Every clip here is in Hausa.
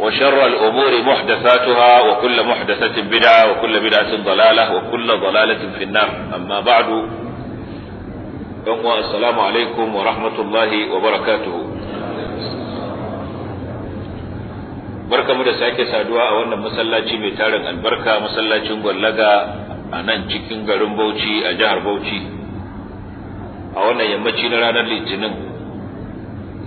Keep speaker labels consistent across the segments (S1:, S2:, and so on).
S1: وشر الأمور محدثاتها وكل محدثة بدعة وكل بدعة ضلالة وكل ضلالة في النار أما بعد السلام عليكم ورحمة الله وبركاته barka mu da sake saduwa a wannan masallaci mai tarin albarka masallacin gwallaga a nan cikin garin bauchi a jihar bauchi a wannan yammaci na ranar litinin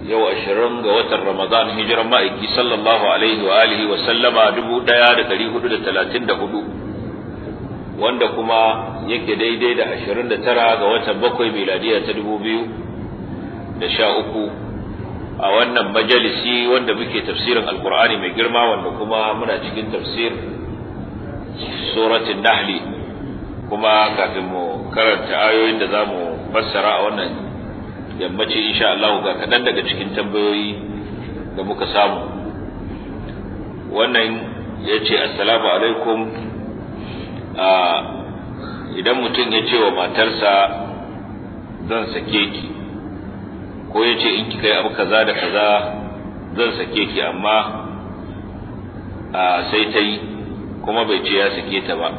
S1: yau ashirin ga watan Ramadan hijiran ma'aiki sallallahu alaihi wa alihi wa sallama dubu ɗaya da dari hudu da talatin da hudu wanda kuma yake daidai da ashirin da tara ga watan bakwai miladiya ta dubu biyu da sha uku a wannan majalisi wanda muke tafsirin alkur'ani mai girma wanda kuma muna cikin tafsir suratin nahli kuma kafin mu karanta ayoyin da za mu fassara a wannan yammaci insha Allah ga kaɗan daga cikin tambayoyi da muka samu wannan ya ce assalamu alaikum idan mutum ya ce wa matarsa zan sake ki ko ya ce in ki kai abu kaza da kaza zan sake ki amma sai ta yi kuma bai ce ya sake ta ba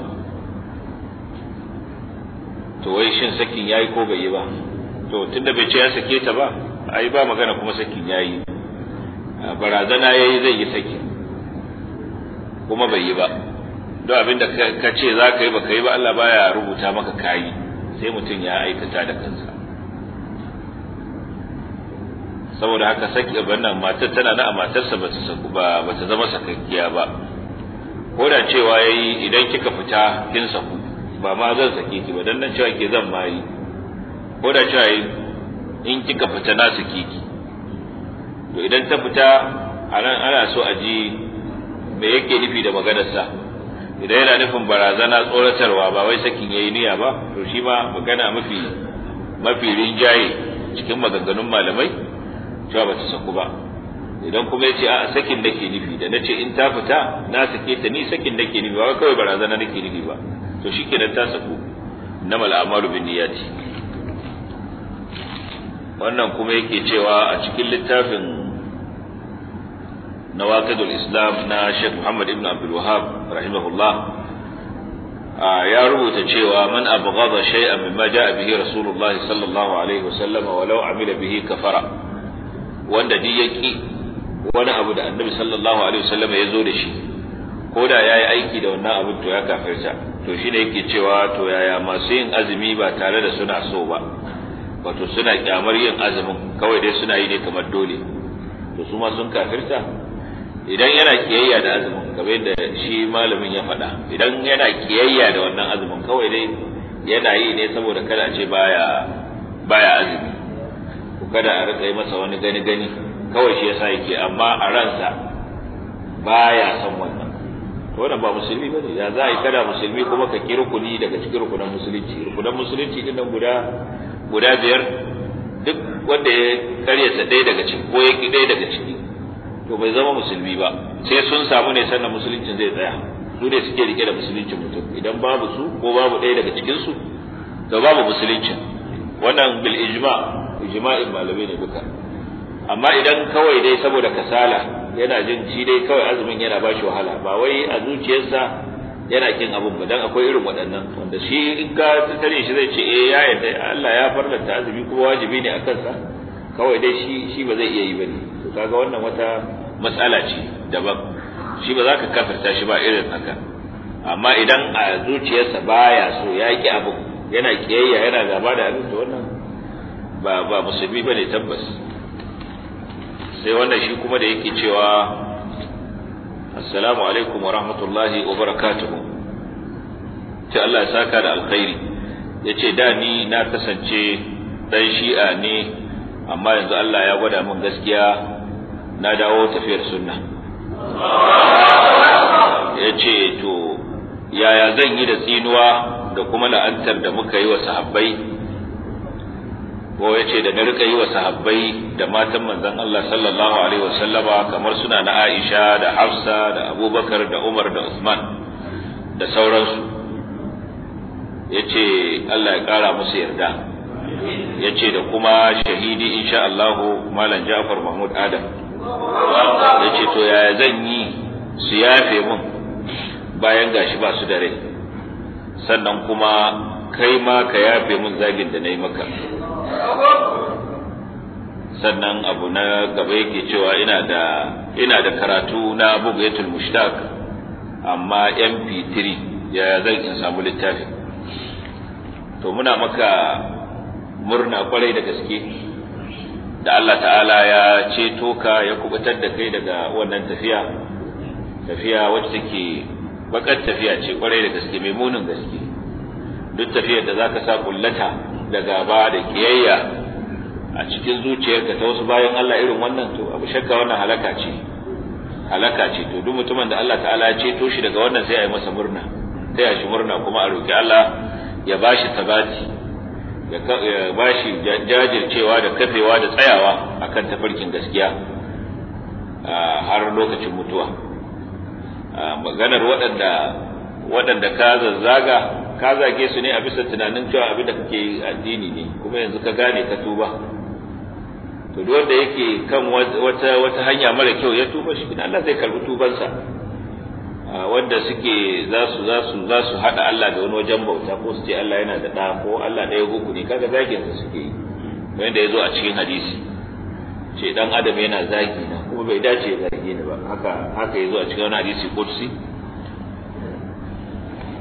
S1: to wai shin sakin yayi ko bai yi ba to tunda bai ce ya sake ta ba ai ba magana kuma sakin yayi barazana yayi zai yi saki kuma bai yi ba don abinda ka ce za ka yi ba ka yi ba Allah baya rubuta maka kayi sai mutum ya aikata da kansa saboda haka saki wannan matar tana na a matarsa ba ta zama sakakkiya ba ko da cewa yayi idan kika fita kin saku ba ma zan sake ki ba dan nan cewa ke zan ma ko da cewa in kika fita na su kiki to idan ta fita a nan ana so a ji me yake nufi da maganarsa idan yana nufin barazana tsoratarwa ba wai sakin ya yi niyya ba to shi ma magana mafi mafi rinjaye cikin maganganun malamai cewa ba ta saku ba idan kuma ya ce a sakin nake nufi da na ce in ta fita na sake ta ni sakin nake nufi ba kawai barazana nake nufi ba to kenan ta saku na mal'amalu bin niyyati wannan kuma yake cewa a cikin littafin nawaqidul islam na Sheikh Muhammad ibn Abdul Wahhab rahimahullah ya rubuta cewa man abghadha shay'an mimma jaa bihi rasulullah sallallahu alaihi wasallam walau amila bihi kafara wanda duk yaki wani abu da annabi sallallahu alaihi wasallam ya zo da shi ko da yayi aiki da wannan abu to ya kafirta to shine yake cewa to yaya masu yin azumi ba tare da suna so ba wato suna kyamar yin azumin kawai dai suna yi ne kamar dole to su ma sun kafirta idan yana kiyayya da azumin kamar yadda shi malamin ya faɗa idan yana kiyayya da wannan azumin kawai dai yana yi ne saboda kada ce baya baya azumi ko kada a rika yi masa wani gani gani kawai shi yasa yake amma a ransa baya son wannan to wannan ba musulmi bane da za a yi kada musulmi kuma ka ƙi rukuni daga cikin rukunan musulunci rukunan musulunci din nan guda guda biyar duk wanda ya karyata ɗaya daga ciki ko ya ɗaya daga ciki to bai zama musulmi ba sai sun samu ne sannan musuluncin zai tsaya su ne suke rike da musuluncin mutum idan babu su ko babu ɗaya daga cikinsu su to babu musuluncin wannan bil ijma ijma'in malamai ne duka amma idan kawai dai saboda kasala yana jin ci dai kawai azumin yana ba shi wahala ba wai a zuciyarsa yana kin abin ba dan akwai irin waɗannan wanda shi in ka tare shi zai ce eh ya yarda Allah ya farlanta azumi kuma wajibi ne akan sa kawai dai shi shi ba zai iya yi bane to kaga wannan wata matsala ce daban shi ba za ka kafirta shi ba irin haka amma idan a zuciyarsa baya so ya ki abu yana kiyayya yana gaba da abin to wannan ba ba musubi bane tabbas sai wannan shi kuma da yake cewa assalamu alaikum wa rahmatullahi wa barakatuhu ce Allah ya saka da alkhairi ya ce da ni na kasance ɗan shi'a ne amma yanzu Allah ya gwada min gaskiya na dawo tafiyar sunna ya ce to yaya zan yi da tsinuwa da kuma la'antar da muka yi wa sahabbai ko ya ce da na rika yi wa sahabbai da matan manzan Allah sallallahu alaihi wasallama kamar suna na Aisha da Hafsa da Abubakar da Umar da Usman da sauransu ya ce Allah ya kara musu yarda Ya ce da kuma shahidi insha Allah Malam Ja'far Mahmud Adam
S2: ya ce to yaya zan
S1: yi su yafe mun bayan gashi ba su da rai sannan kuma kai ma ka yafe mun zagin da na yi maka sannan abu na gaba yake cewa ina da karatu na bugayatul mushtaq amma mp3 ya zan in samu littafi to muna maka murna kwarai da gaske da Allah ta'ala ya ceto ka ya kubutar da kai daga wannan tafiya tafiya wacce take bakar tafiya ce kwarai da gaske mai munin gaske duk tafiyar da zaka sa kullata da gaba da kiyayya a cikin zuciyarka ta wasu bayan Allah irin wannan to abu shakka wannan halaka ce halaka ce to duk mutumin da Allah ta'ala ya ceto shi daga wannan sai a yi masa murna sai a shi murna kuma a roki Allah ya bashi tabati ya bashi jajircewa da kafewa da tsayawa akan tafarkin gaskiya har lokacin mutuwa maganar waɗanda waɗanda ka zazzaga ka zage su ne a bisa tunanin cewa abin da kake addini ne kuma yanzu ka gane ka tuba to duk wanda yake kan wata wata hanya mara kyau ya tuba shi ne Allah zai karbi tubansa wanda suke za su za su za su hada Allah da wani wajen bauta ko su ce Allah yana da da ko Allah ɗaya goku ne kaga zage su suke yi wanda yazo a cikin hadisi ce dan adam yana zagi na kuma bai dace ya zage ba haka haka yazo a cikin wani hadisi kursi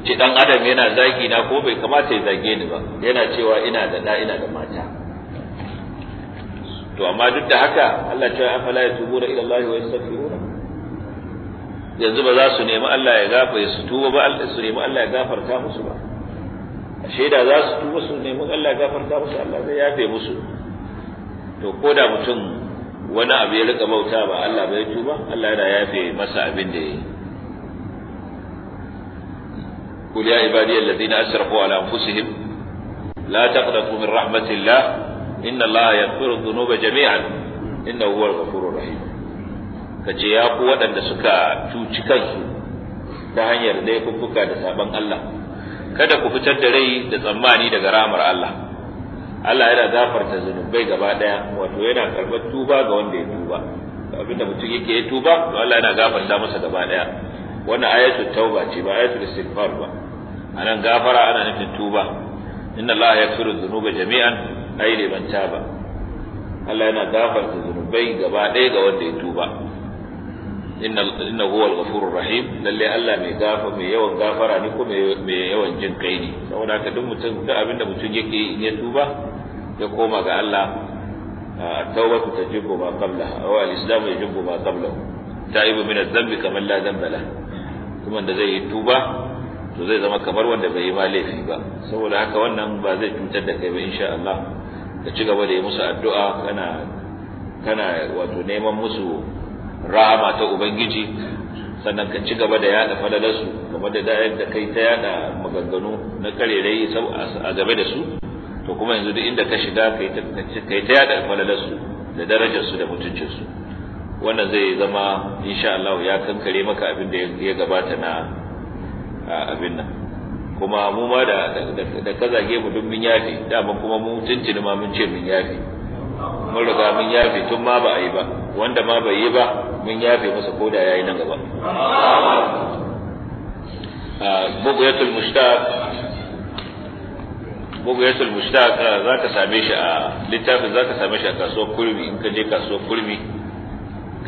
S1: ce dan adam yana zagi na ko bai kamata ya zage ni ba yana cewa ina da da ina da mata to amma duk da haka Allah ta afala ya tubu da ila Allah wa yastaghfiruna yanzu ba za su nemi Allah ya gafara su tuba ba Allah su nemi Allah ya gafarta musu ba ashe da za su tuba su nemi Allah ya gafarta musu Allah zai yafe musu to ko da mutum wani abu ya rika bauta ba Allah bai tuba Allah yana yafe masa abin da ya yi قل يا عبادي الذين أسرفوا على أنفسهم لا تقنطوا من رحمة الله إن الله يغفر الذنوب جميعا إنه هو الغفور الرحيم kace ya ku waɗanda suka cuci kansu ta hanyar laifuffuka da sabon Allah kada ku fitar da rai da tsammani daga ramar Allah Allah yana gafarta zunubai gaba ɗaya wato yana karɓar tuba ga wanda ya tuba abinda mutum yake ya tuba to Allah yana gafarta masa gaba ɗaya wannan ayatul tauba ce ba ayatul istighfar ba anan gafara ana nufin tuba inna allaha yaghfiru dhunuba jami'an ay liman taba Allah yana gafarta zunubai gaba ɗaya ga wanda ya tuba inna huwa al-ghafurur rahim lalle Allah mai gafa mai yawan gafara ne kuma mai yawan jin kai ne saboda ka duk mutum duk abinda mutum yake in ya tuba ya koma ga Allah at-tawbatu ah, tajibu ma qablaha wa al-islamu yajibu ma qablahu ta'ibu min adh-dhanbi kaman la dhanba lahu duk da zai yi tuba to zai zama kamar wanda bai yi ma laifi ba saboda haka wannan ba zai cutar da kai ba insha Allah ka ci gaba da yi musu addu'a kana kana wato neman musu rahama ta ubangiji sannan ka ci gaba da yada su game da da'ayar da kai ta yada maganganu na karerai a game da su to kuma yanzu duk inda ka shiga kai ta yada su da darajarsu da mutuncin su wannan zai zama insha Allah ya kankare maka abin da ya gabata na abin nan kuma mu ma da da kazage mu duk mun yafe dama kuma mu tuntun ma mun ce mun yafe
S2: mun riga mun yafe
S1: tun ma ba a yi ba wanda ma bai yi ba mun yafe masa koda yayi nan gaba bughyatul mushtaq bughyatul mushtaq zaka same shi a littafin zaka same shi a kasuwar kurmi in ka je kasuwar kurmi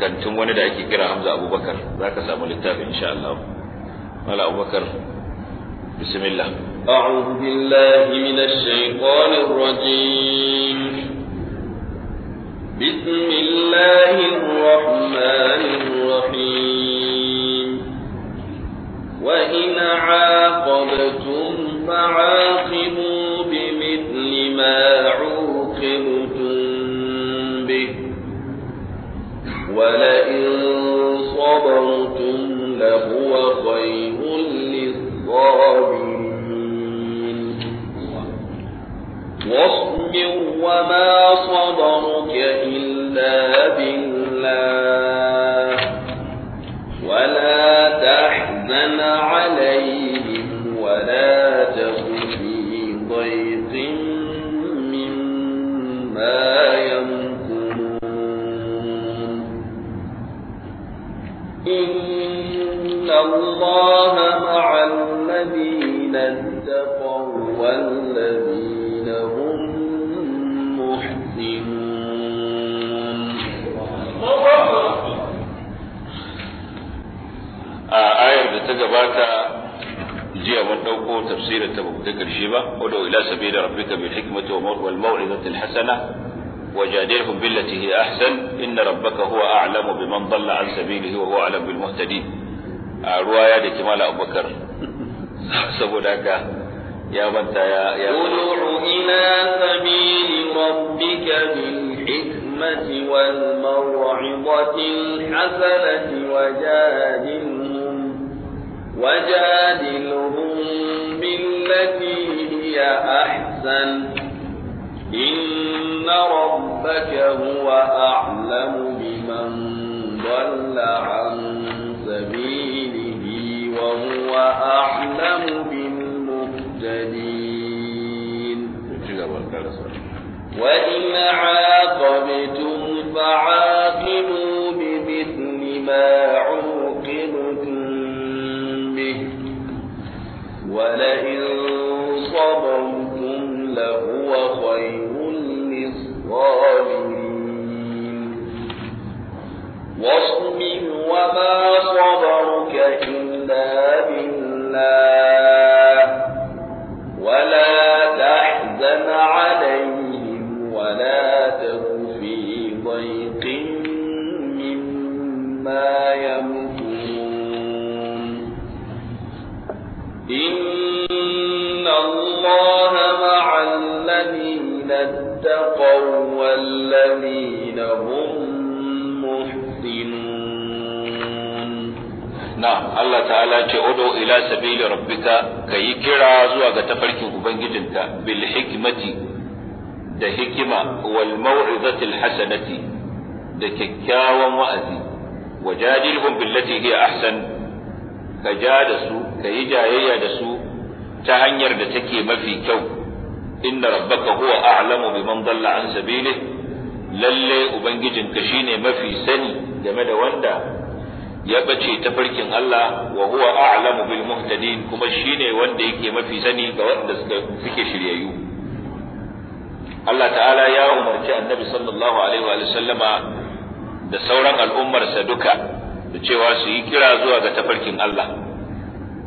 S1: kantin wani da ake kira Hamza Abubakar zaka samu littafin insha Allah Mala Abubakar bismillah
S3: a'udhu billahi minash shaitanir rajim مع الذين اتقوا والذين هم محسنون
S1: آه، آية بتجبات جيه من دوكو تفسير تبوك ذكر شيبة ادعو إلى سبيل ربك بالحكمة والموعظة الحسنة وجادلهم بالتي هي أحسن إن ربك هو أعلم بمن ضل عن سبيله وهو أعلم بالمهتدين a ruwa ya daki mala abubakar saboda haka ya manta ya ya ud'u
S3: ila sabili rabbika bil hikmati wal maw'izati al hasanati wajadilhum wajadilhum billati hiya ahsan inna rabbaka huwa a'lamu biman ضل عن وهو أعلم بالمهتدين وإن عاقبتم فعاقبوا بمثل ما عوقبتم به ولئن صبرتم لهو خير للصابرين واصبر وما كتاب الله
S1: na Allah ta'ala ce odo ila sabili rabbika ka yi kira zuwa ga tafarkin ubangijinka bil hikmati da hikima wal mau'izatil hasanati da kyakkyawan wa'azi wajadilhum billati hiya ahsan ka ja da su ka yi jayayya da su ta hanyar da take mafi kyau inna rabbaka huwa a'lamu biman dalla an sabilihi lalle ubangijinka shine mafi sani game da wanda ya bace tafarkin Allah wa huwa a'lamu bil muhtadin kuma shine wanda yake mafi sani ga wanda suke shiryayyu Allah ta'ala ya umarci Annabi sallallahu alaihi wa sallama da sauran al'ummarsa duka da cewa su yi kira zuwa ga tafarkin Allah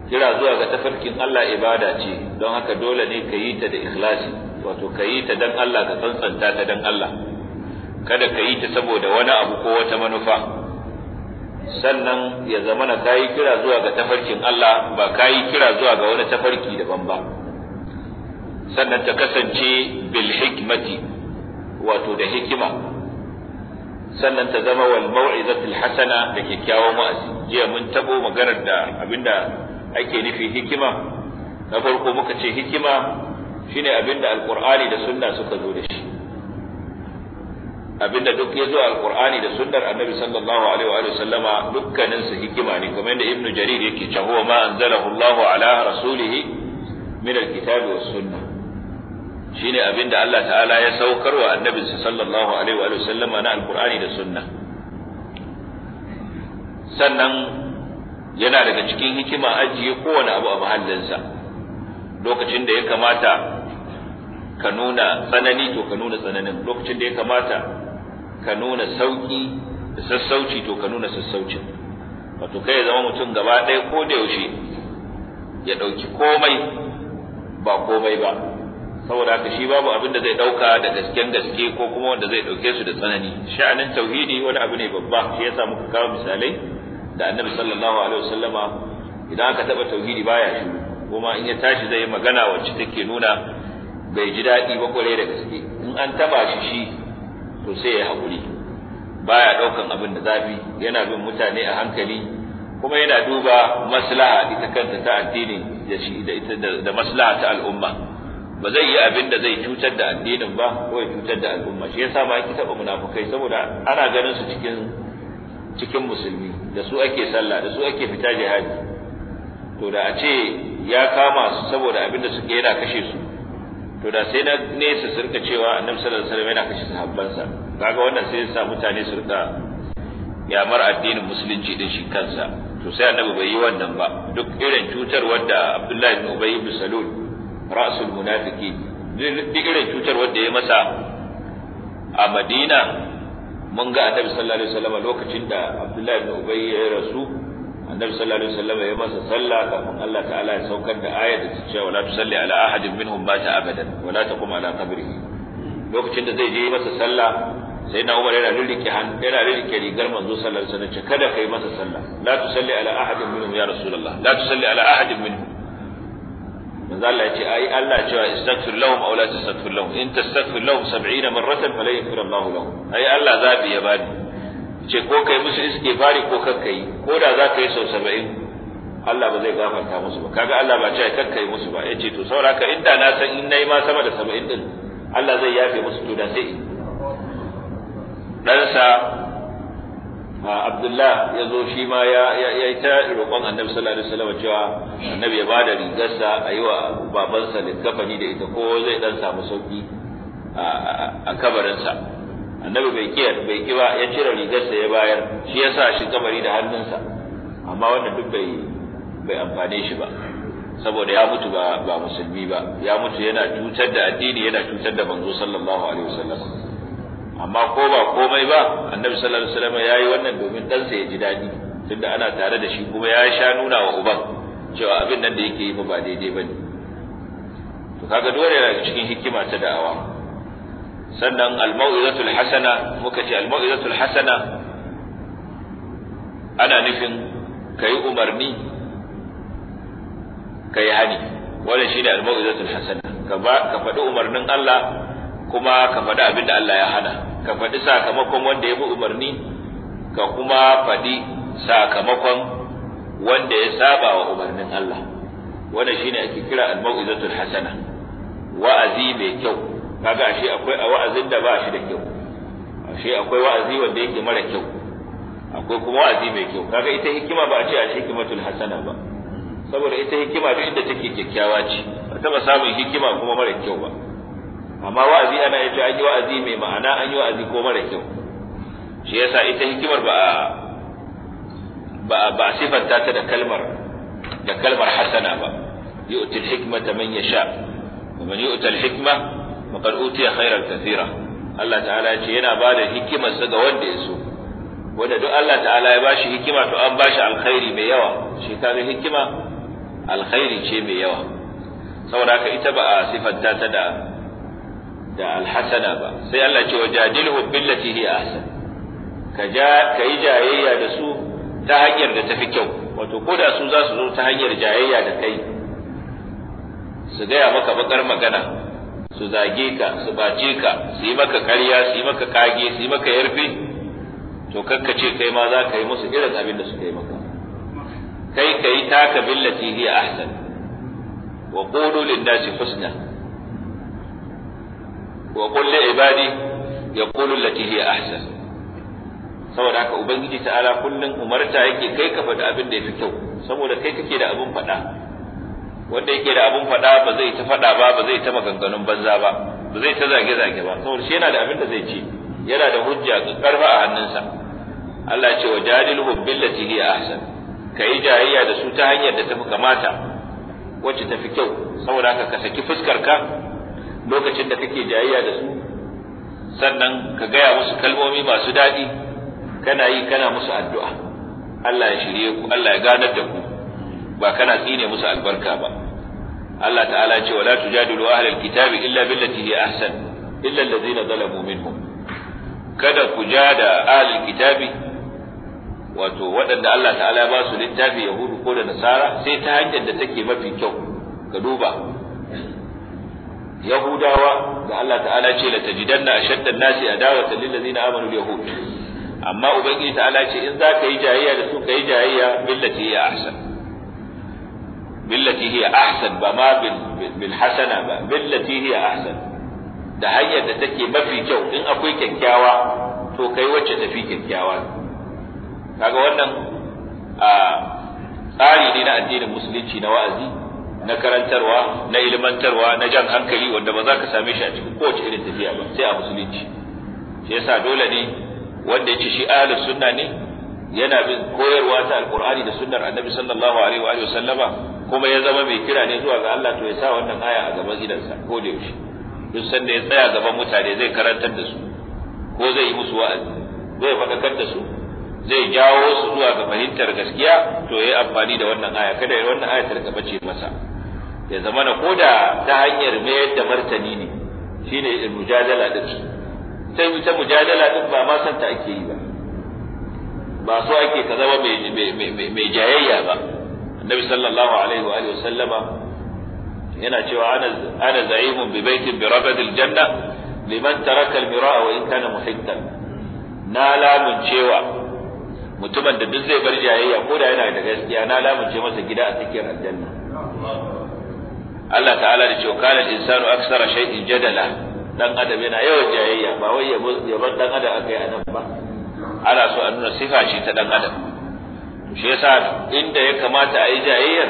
S1: kira zuwa ga tafarkin Allah ibada ce don haka dole ne ka yi ta da ikhlasi wato ka yi ta dan Allah ka tsantsanta ta dan Allah kada ka yi ta saboda wani abu ko wata manufa sannan ya zama na kayi kira zuwa ga tafarkin Allah ba kayi kira zuwa ga wani tafarki daban ba sannan ta kasance bil hikmati wato da hikima sannan ta zama wal mau'izatil hasana da kyakkyawan wa'azi jiya mun tabo maganar da abinda ake nufi hikima na farko muka ce hikima shine abinda alqur'ani da sunna suka zo da shi abinda duk ya zo alqur'ani da sunnar annabi sallallahu alaihi wa sallama dukkanin su hikima ne kuma inda ibnu jarir yake cewa ma anzalahu Allahu ala rasulih min alkitabi was sunnah shine abinda Allah ta'ala ya saukar wa annabinsa sallallahu alaihi wa sallama na alqur'ani da sunna sannan yana daga cikin hikima ajiye kowane abu a mahallinsa lokacin da ya kamata ka nuna tsanani to ka nuna tsananin lokacin da ya kamata ka nuna sauki da sassauci to ka nuna sassauci. wato kai ya zama mutum gaba ɗaya ko da yaushe ya ɗauki komai ba komai ba saboda haka shi babu abin da zai ɗauka da gasken gaske ko kuma wanda zai ɗauke su da tsanani sha'anin tauhidi wani abu ne babba shi yasa muka kawo misalai da annabi sallallahu alaihi wasallama idan aka taɓa tauhidi baya shiru kuma in ya tashi zai yi magana wacce take nuna bai ji daɗi ba kwarai da gaske in an taɓa shi shi to sai ya haƙuri baya ɗaukan abin da zafi yana bin mutane a hankali kuma yana duba maslaha ita kanta ta addinin da shi da ita da maslaha ta al'umma ba zai yi abin da zai cutar da addinin ba ko ya cutar da al'umma shi yasa ba ki taɓa munafukai saboda ana ganin su cikin cikin musulmi da su ake sallah da su ake fita jihadi to da a ce ya kama su saboda abin da suke yana kashe su to da sai na nesa su rika cewa annabi sallallahu alaihi wasallam yana kashe sahabbansa kaga wannan sai ya sa mutane su rika yamar addinin musulunci din shi kansa to sai annabi bai yi wannan ba duk irin cutar wanda Abdullahi ibn Ubay ibn Salul ra'sul munafiki duk irin cutar wanda ya masa a Madina mun ga annabi sallallahu alaihi wasallam lokacin da Abdullahi ibn Ubay ya rasu annabi sallallahu alaihi wasallam ya masa sallah kafin Allah ta'ala ya saukar da ayat da cewa wala tusalli ala ahadin minhum mata abadan wala taqum ala qabrihi lokacin da zai je masa sallah sai na Umar yana rirrike hannu yana rirrike rigar manzo sallallahu alaihi wasallam ce kada kai masa sallah la tusalli ala ahadin minhum ya rasulullah la tusalli ala ahadin minhum manzo Allah ya ce ai Allah cewa istaghfir lahum aw la tastaghfir lahum in tastaghfir lahum 70 marratan falan yaghfir Allah lahum ai Allah zabi ya bani ce ko kai musu iske fari ko kakka yi ko da za ka yi sau saba'in Allah ba zai gafarta musu ba kaga Allah ba ce kakka yi musu ba ya ce to sauraka inda na san in na yi ma sama da saba'in din Allah zai yafe musu to da sai ɗansa Abdullah ya zo shi ma ya yi ta roƙon annabi sallallahu alaihi wasallam cewa annabi ya bada rigarsa a yi wa babansa littafani da ita ko zai ɗan samu sauki a kabarinsa. annabi bai kiya bai ki ba ya cire rigarsa ya bayar shi ya sa shi kabari da hannunsa amma wannan duk bai bai amfane shi ba saboda ya mutu ba ba musulmi ba ya mutu yana cutar da addini yana cutar da manzo sallallahu alaihi wasallam amma ko ba komai ba annabi sallallahu alaihi wasallam yayi wannan domin ɗansa ya ji daɗi tunda ana tare da shi kuma ya sha nuna wa uban cewa abin nan da yake yi ba daidai bane to kaga dole yana cikin hikima ta da'awa sannan al-mau'izatul hasana muka ce al-mau'izatul hasana ana nufin kai umarni kai hani wannan shine al-mau'izatul hasana ka ba ka faɗi umarnin Allah kuma ka faɗi abinda Allah ya hana ka faɗi sakamakon wanda ya bi umarni ka kuma faɗi sakamakon wanda ya saba wa umarnin Allah wannan shine ake kira al-mau'izatul hasana wa'azi mai kyau kaga ashe akwai a wa'azin da ba shi da kyau ashe akwai wa'azi wanda yake mara kyau akwai kuma wa'azi mai kyau kaga ita hikima ba a ce ashe hikmatul hasana ba saboda ita hikima duk inda take kyakkyawa ce ba taba samun hikima kuma mara kyau ba amma wa'azi ana yace an yi wa'azi mai ma'ana an yi wa'azi ko mara kyau shi yasa ita hikimar ba ba ba sifanta ta da kalmar da kalmar hasana ba yu'til hikmata man yasha wa man yu'tal hikma wa qad utiya khairan Allah ta'ala ya ce yana ba da hikimar sa ga wanda ya so wanda duk Allah ta'ala ya bashi hikima to an bashi alkhairi mai yawa shi kaga hikima alkhairi ce mai yawa saboda haka ita ba a sifanta ta da da alhasana ba sai Allah ce wajadilhu billati hi ahsan ka ja jayayya da su ta hanyar da tafi kyau wato ko da su zasu zo ta hanyar jayayya da kai su gaya maka bakar magana su zage ka su bace ka su yi maka ƙarya su yi maka kage su yi maka yarfi to ce kai ma za ka yi musu irin abin da suka yi maka kai ka yi taka billati hiya ahsan wa qulu lin-nasi husna wa qul li ibadi yaqulu allati hiya ahsan saboda haka ubangiji ta'ala kullun umarta yake kai ka faɗi abin da yafi kyau saboda kai kake da abin faɗa wanda yake da abun faɗa ba zai ta faɗa ba ba zai ta maganganun banza ba ba zai ta zage zage ba saboda shi yana da abin da zai ce yana da hujja ga karfa a hannunsa Allah ya ce wa jadilhum billati hi ahsan kai jayayya da su ta hanyar da tafi kamata wacce tafi kyau saboda haka ka saki fuskar ka lokacin da kake jayayya da su sannan ka gaya musu kalmomi masu daɗi kana yi kana musu addu'a Allah ya shirye ku Allah ya ganar da ku ba kana tsine musu albarka ba Allah ta'ala ce wala tujadilu ahlal kitabi illa billati hi ahsan illa allazina zalamu minhum kada ku jada ahlul kitabi wato waɗanda Allah ta'ala ba su littafi yahudu ko da nasara sai ta hanyar da take mafi kyau ka duba yahudawa da Allah ta'ala ce la tajidanna ashadda an-nasi adawatan lil ladzina amanu yahud amma ubangiji ta'ala ce in za ka yi jayayya da su ka yi jayayya billati ya ahsan billati hiya ahsan ba ma bil hasana ba ahsan da hanyar da take mafi kyau in akwai kyakkyawa to kai wacce tafi kyakkyawa kaga wannan a tsari ne na addinin musulunci na wa'azi na karantarwa na ilmantarwa na jan hankali wanda ba za ka same shi a cikin kowace irin tafiya ba sai a musulunci shi yasa dole ne wanda ya ci shi ahlus sunna ne yana bin koyarwa ta alqur'ani da sunnar annabi sallallahu alaihi wa sallama kuma ya zama mai kira ne zuwa ga Allah to ya sa wannan aya a gaban gidansa, ko da yaushe duk sanda ya tsaya gaban mutane zai karantar da su ko zai yi musu wa'azi zai faɗakar da su zai jawo su zuwa ga fahimtar gaskiya to ya yi amfani da wannan aya kada yayi wannan aya ta rika bace masa ya zama na koda ta hanyar mayar da martani ne shine mujadala din sai ita mujadala din ba ma santa ta ake yi ba ba so ake ka zama mai jayayya ba annabi sallallahu alaihi wa alihi sallama yana cewa ana ana za'imun bi baitin bi rabadil janna liman taraka al-mira'a wa in na lamun cewa mutumin da duk zai bar jayayya ko da yana da gaskiya na lamun ce masa gida a cikin aljanna Allah ta'ala da cewa kana al-insanu aksara shay'in jadala dan adam yana yawan jayayya ba wai ya bar dan adam akai anan ba ana so a nuna sifa shi ta dan adam shi yasa inda ya kamata a yi jayayyar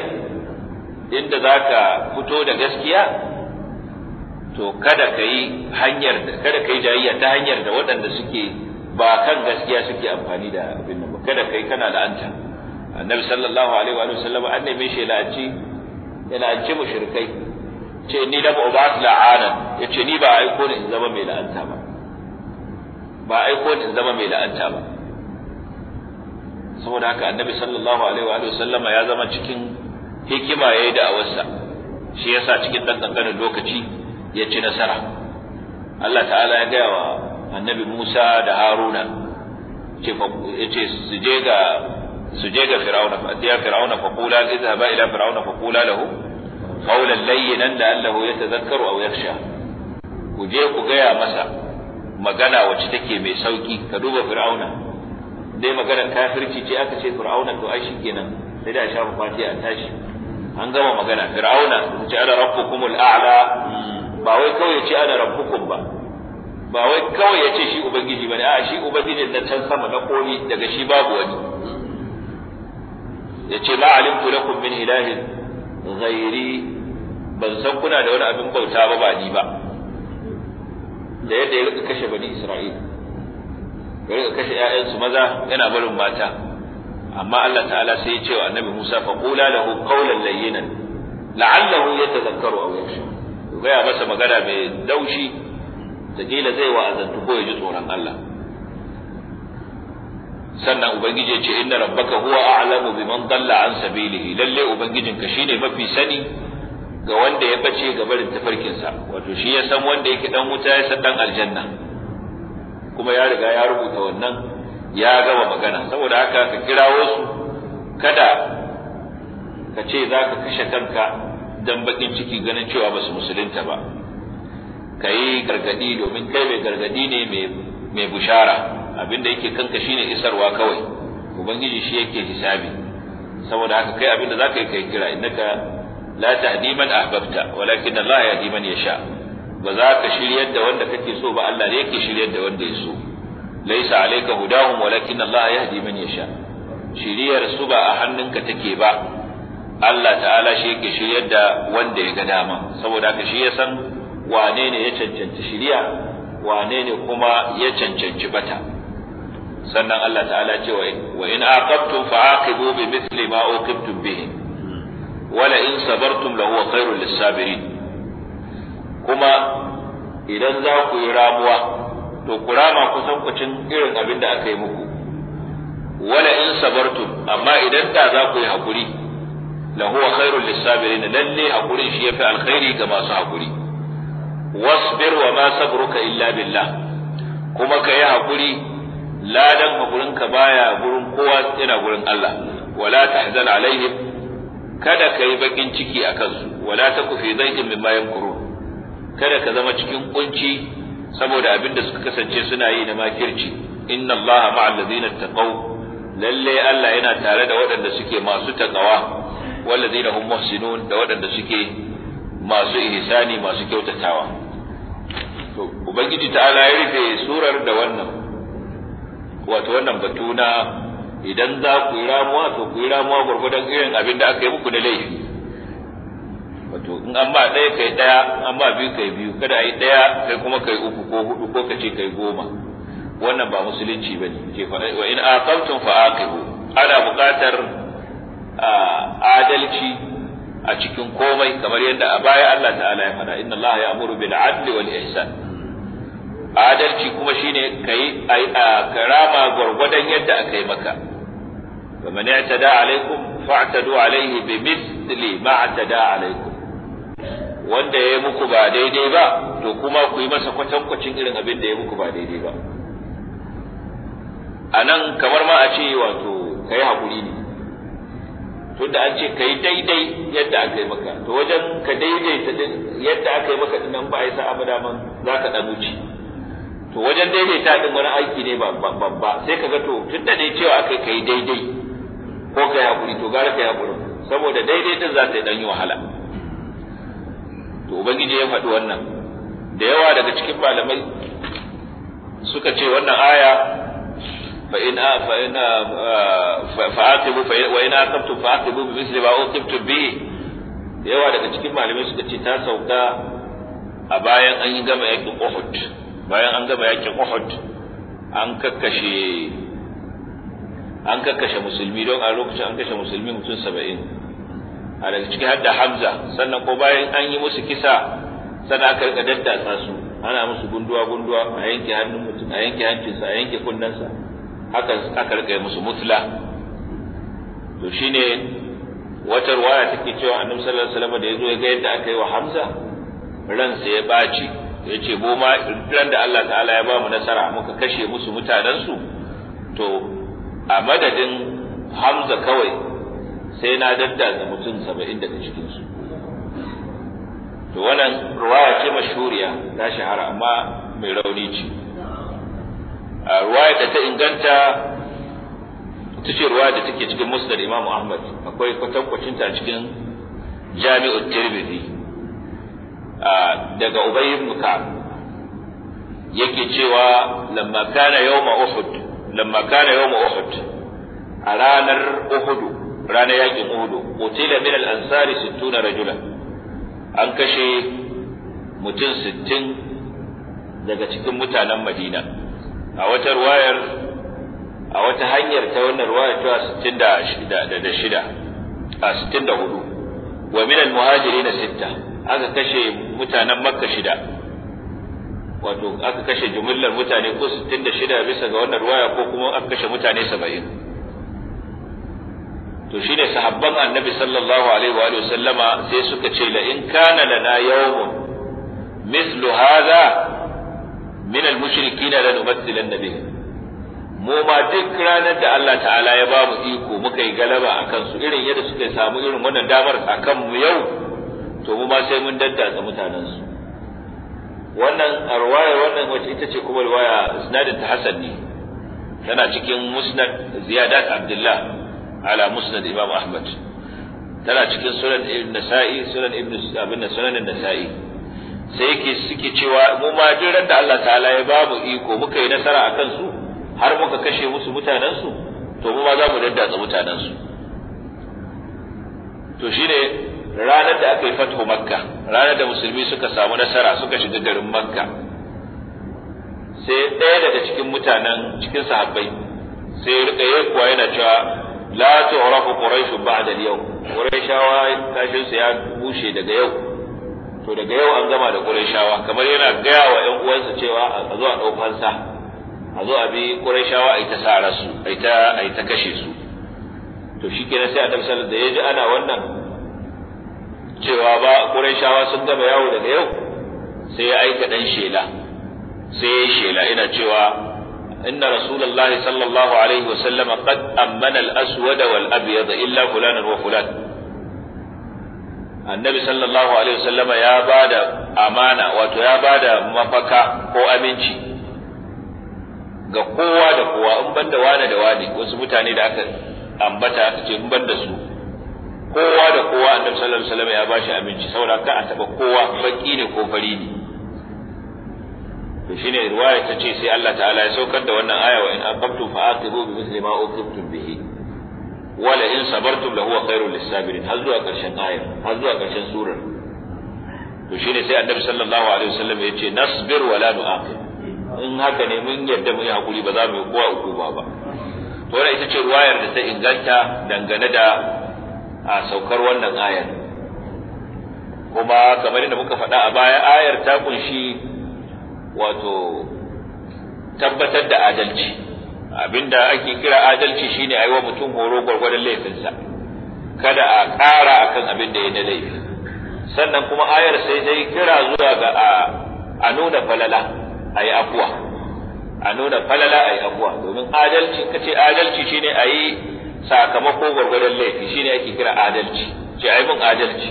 S1: inda za ka fito da gaskiya to kada ka yi hanyar kada ka yi jayayya ta hanyar da waɗanda suke ba kan gaskiya suke amfani da abin nan ba kada yi kana la'anta annabi sallallahu alaihi wa sallam an nemi shi la'anci ya la'anci mushrikai ce ni da ba la'ana yace ni ba aiko ne in zama mai la'anta ba ba aiko ne in zama mai la'anta ba saboda haka annabi sallallahu alaihi wa sallama ya zama cikin hikima yayi da awarsa shi yasa cikin dan lokaci ya ci nasara Allah ta'ala ya gaya wa annabi Musa da Haruna yace su je ga su je ga Fir'auna fa ya Fir'auna fa qula idhaba ila Fir'auna fa qula lahu qawlan layyinan la'allahu yatadhakkaru aw yakhsha ku je ku gaya masa magana wacce take mai sauki ka duba Fir'auna dai magana kafirci ce aka ce fir'auna to ai shikenan sai da shafa fati a tashi an gama magana fir'auna ce ana rabbukum a'la ba wai kawai ce ana rabbukum ba ba wai kawai ya ce shi ubangiji bane a shi ubangiji na can sama na koli daga shi babu wani ya ce ma alimtu lakum min ilahin ghairi ban san kuna da wani abin bauta ba ba ni ba da yadda ya kashe bani isra'ila ya rika kashe 'ya'yansu maza yana barin mata amma Allah ta'ala sai ya ce annabi Musa fa qula lahu qawlan layyinan la'allahu yatadhakkaru aw yakhsha ku gaya masa magana mai daushi da kila zai wa'azantu ko ya ji tsoron Allah sannan ubangiji ya ce inna rabbaka huwa a'lamu biman dalla an sabilihi lalle ubangijinka shine mafi sani ga wanda ya bace ga barin tafarkinsa wato shi ya san wanda yake dan wuta ya san dan aljanna kuma ya riga ya rubuta wannan ya gama magana saboda haka ka kirawo su kada ka ce za ka kashe kanka don bakin ciki ganin cewa ba su musulunta ba ka yi gargadi domin kai mai gargadi ne mai bushara abinda yake kanka shine isarwa kawai ubangiji shi yake hisabi saboda haka kai abinda za ka yi kai kira innaka la tahdi hadiman ahbabta walakin Allah ya ya yasha' ba za ka shiryar da wanda kake so ba Allah ne yake shiryar da wanda ya so laisa alayka hudahum walakin Allah yahdi man yasha shiriyar su ba a hannunka take ba Allah ta'ala shi yake shiryar da wanda ya ga dama saboda haka shi ya san wane ne ya cancanci shiriya wane ne kuma ya cancanci bata sannan Allah ta'ala ce wa in aqabtum fa'aqibu bi mithli ma uqibtum bihi wala in sabartum lahu khairul lis-sabirin kuma idan za ku yi ramuwa to ku rama kusan kucin irin abin da aka yi muku wala in sabartum amma idan da za ku yi hakuri la huwa khairul lisabirin lalle hakurin shi yafi alkhairi ga masu hakuri wasbir wa ma sabruka illa billah kuma ka yi hakuri ladan hakurin ka baya gurin kowa yana gurin Allah wala tahzan alaihim kada ka yi bakin ciki akan su wala taku fi dhaikin mimma yamkurun kada ka zama cikin kunci saboda abin da suka kasance suna yi na makirci inna allaha ma'al ladina taqaw lalle Allah yana tare da waɗanda suke masu taqawa wal ladina hum muhsinun da waɗanda suke masu ihsani masu kyautatawa to ubangiji ta'ala ya rufe surar da wannan wato wannan batu na idan za ku yi ramuwa to ku yi ramuwa gurgudan irin abin da aka yi muku na laifi wato in an ba ɗaya kai ɗaya an ba biyu kai biyu kada a yi ɗaya kai kuma kai uku ko hudu ko kace kai goma wannan ba musulunci ba ne ke faɗa wa in aqamtum fa aqibu ana buƙatar adalci a cikin komai kamar yadda a baya Allah ta'ala ya faɗa inna Allah ya'muru bil adli wal ihsan
S3: adalci kuma
S1: shine kai a karama gwargwadon yadda aka yi maka فمن اعتدى عليكم فاعتدوا عليه بمثل ما اعتدى عليكم wanda ya yi muku ba daidai ba to kuma ku yi masa kwatankwacin irin abin da ya muku ba daidai ba a nan kamar ma a ce wato ka yi haƙuri ne tunda an ce ka yi daidai yadda aka yi maka to wajen ka daidaita din yadda aka yi maka dinan ba a yi sa abu daman za ka ɗan wuce to wajen daidaita din wani aiki ne ba babba sai ka ga to tunda dai cewa aka yi ka yi daidai ko ka yi haƙuri to gara ka yi haƙuri saboda daidai din za ta yi ɗan yi wahala to ubangiji ya faɗi wannan da yawa daga cikin malamai suka ce wannan aya fa in fa in fa aqibu fa wa in aqabtum fa aqibu bi misli ma uqibtum bi yawa daga cikin malamai suka ce ta sauka a bayan an yi gama yakin Uhud bayan an gama yakin Uhud an kakkashe an kakkashe musulmi don a lokacin an kashe musulmi mutum 70 a daga ciki har da hamza sannan ko bayan an yi musu kisa sannan aka rika daddatsa su ana musu gunduwa gunduwa a yanke hannun mutum a yanke hancinsa a yanke kunnensa haka aka rika yi musu mutula to shine wata ruwaya take cewa annabi sallallahu alaihi wasallam da yazo ya ga yadda aka yi wa hamza ransa ya baci ya ce mu ma ran da Allah ta'ala ya ba mu nasara muka kashe musu mutanensu to a madadin hamza kawai sai na daddatsa mutum saba'in daga cikinsu to wannan ruwaya ce mashuriya ta shahara amma mai rauni ce a ruwaya da ta inganta ita ce ruwaya da take cikin musulun imamu ahmad akwai kwatankwacinta cikin Jami'ar tirmidhi daga Ubayin muka yake cewa lamma kana yau uhud lamma kana yau uhud a ranar uhudu ranar yakin uhudu qutila min al-ansari 60 rajula an kashe mutum 60 daga cikin mutanen Madina a wata ruwayar a wata hanyar ta wannan ruwayar ta 66 da shida a 64 wa min al-muhajirin 6 aka kashe mutanen Makka shida wato aka kashe jumillar mutane ko 66 bisa ga wannan ruwaya ko kuma aka kashe mutane 70 to shine sahabban annabi sallallahu alaihi wa sallama sai suka ce la in kana lana yawmun mithlu hadha min al-mushrikin la numaththilanna bihi mu ma duk ranar da Allah ta'ala ya ba mu iko muka yi galaba akan su irin yadda suka samu irin wannan damar akan mu yau to mu ma sai mun daddatsa mutanen su wannan arwaya wannan wacce ita ce kuma riwaya isnadin ta hasan ne tana cikin musnad ziyadat abdullah ala musnad imam ahmad tana cikin sunan ibn nasa'i sunan ibn abin sunan nasa'i sai yake suke cewa mu ma duk da Allah ta'ala ya ba mu iko muka yi nasara akan su har muka kashe musu mutanen su to mu ma za mu daddatsa mutanen su to shine ranar da aka yi fathu makka ranar da musulmi suka samu nasara suka shiga garin makka sai ɗaya daga cikin mutanen cikin sahabbai sai ya rika kuwa yana cewa la tu'rafu quraish ba'da al-yawm quraishawa kashin su ya bushe daga yau to daga yau an gama da quraishawa kamar yana gaya wa ƴan uwansa cewa a zo a daukar sa a zo a bi quraishawa a ita sa a ita a ita kashe su to shikenan sai annabi sallallahu da yaji ana wannan cewa ba quraishawa sun gama yawo daga yau sai ya aika dan shela sai ya shela ina cewa إن رسول الله صلى الله عليه وسلم قد أمن الأسود والأبيض إلا فلانا وفلان annabi sallallahu alaihi wasallama ya bada amana wato ya bada mafaka ko ga kowa da kowa in da wane da wane wasu mutane da aka ambata aka ce in da su kowa da kowa annabi sallallahu alaihi wasallama ya bashi aminci saboda ka a taba kowa baki ne ko fari ne to shine riwaya ta ce sai Allah ta'ala ya saukar da wannan aya wa in aqabtum fa aqibu bi mithli ma uqibtum bihi wa la in sabartum la huwa khairul lisabirin har zuwa karshen ayar har zuwa karshen surar to shine sai annabi sallallahu alaihi wasallam ya ce nasbir wa la nu'aqib in haka ne mun yadda mu yi hakuri ba za mu yi kowa hukuma ba to wannan ita ce riwayar da ta inganta dangane da a saukar wannan ayar kuma kamar yadda muka faɗa a baya ayar ta kunshi wato tabbatar da adalci abinda ake kira adalci shine aiwa mutum horo gwargwadon laifinsa kada a ƙara akan abin da ya na laifi sannan kuma ayar sai dai kira zuwa ga a nuna falala a yi afuwa a nuna falala a yi afuwa domin adalci kace adalci shine a yi sakamako gwargwadon laifi shine ake kira adalci ce a yi mun adalci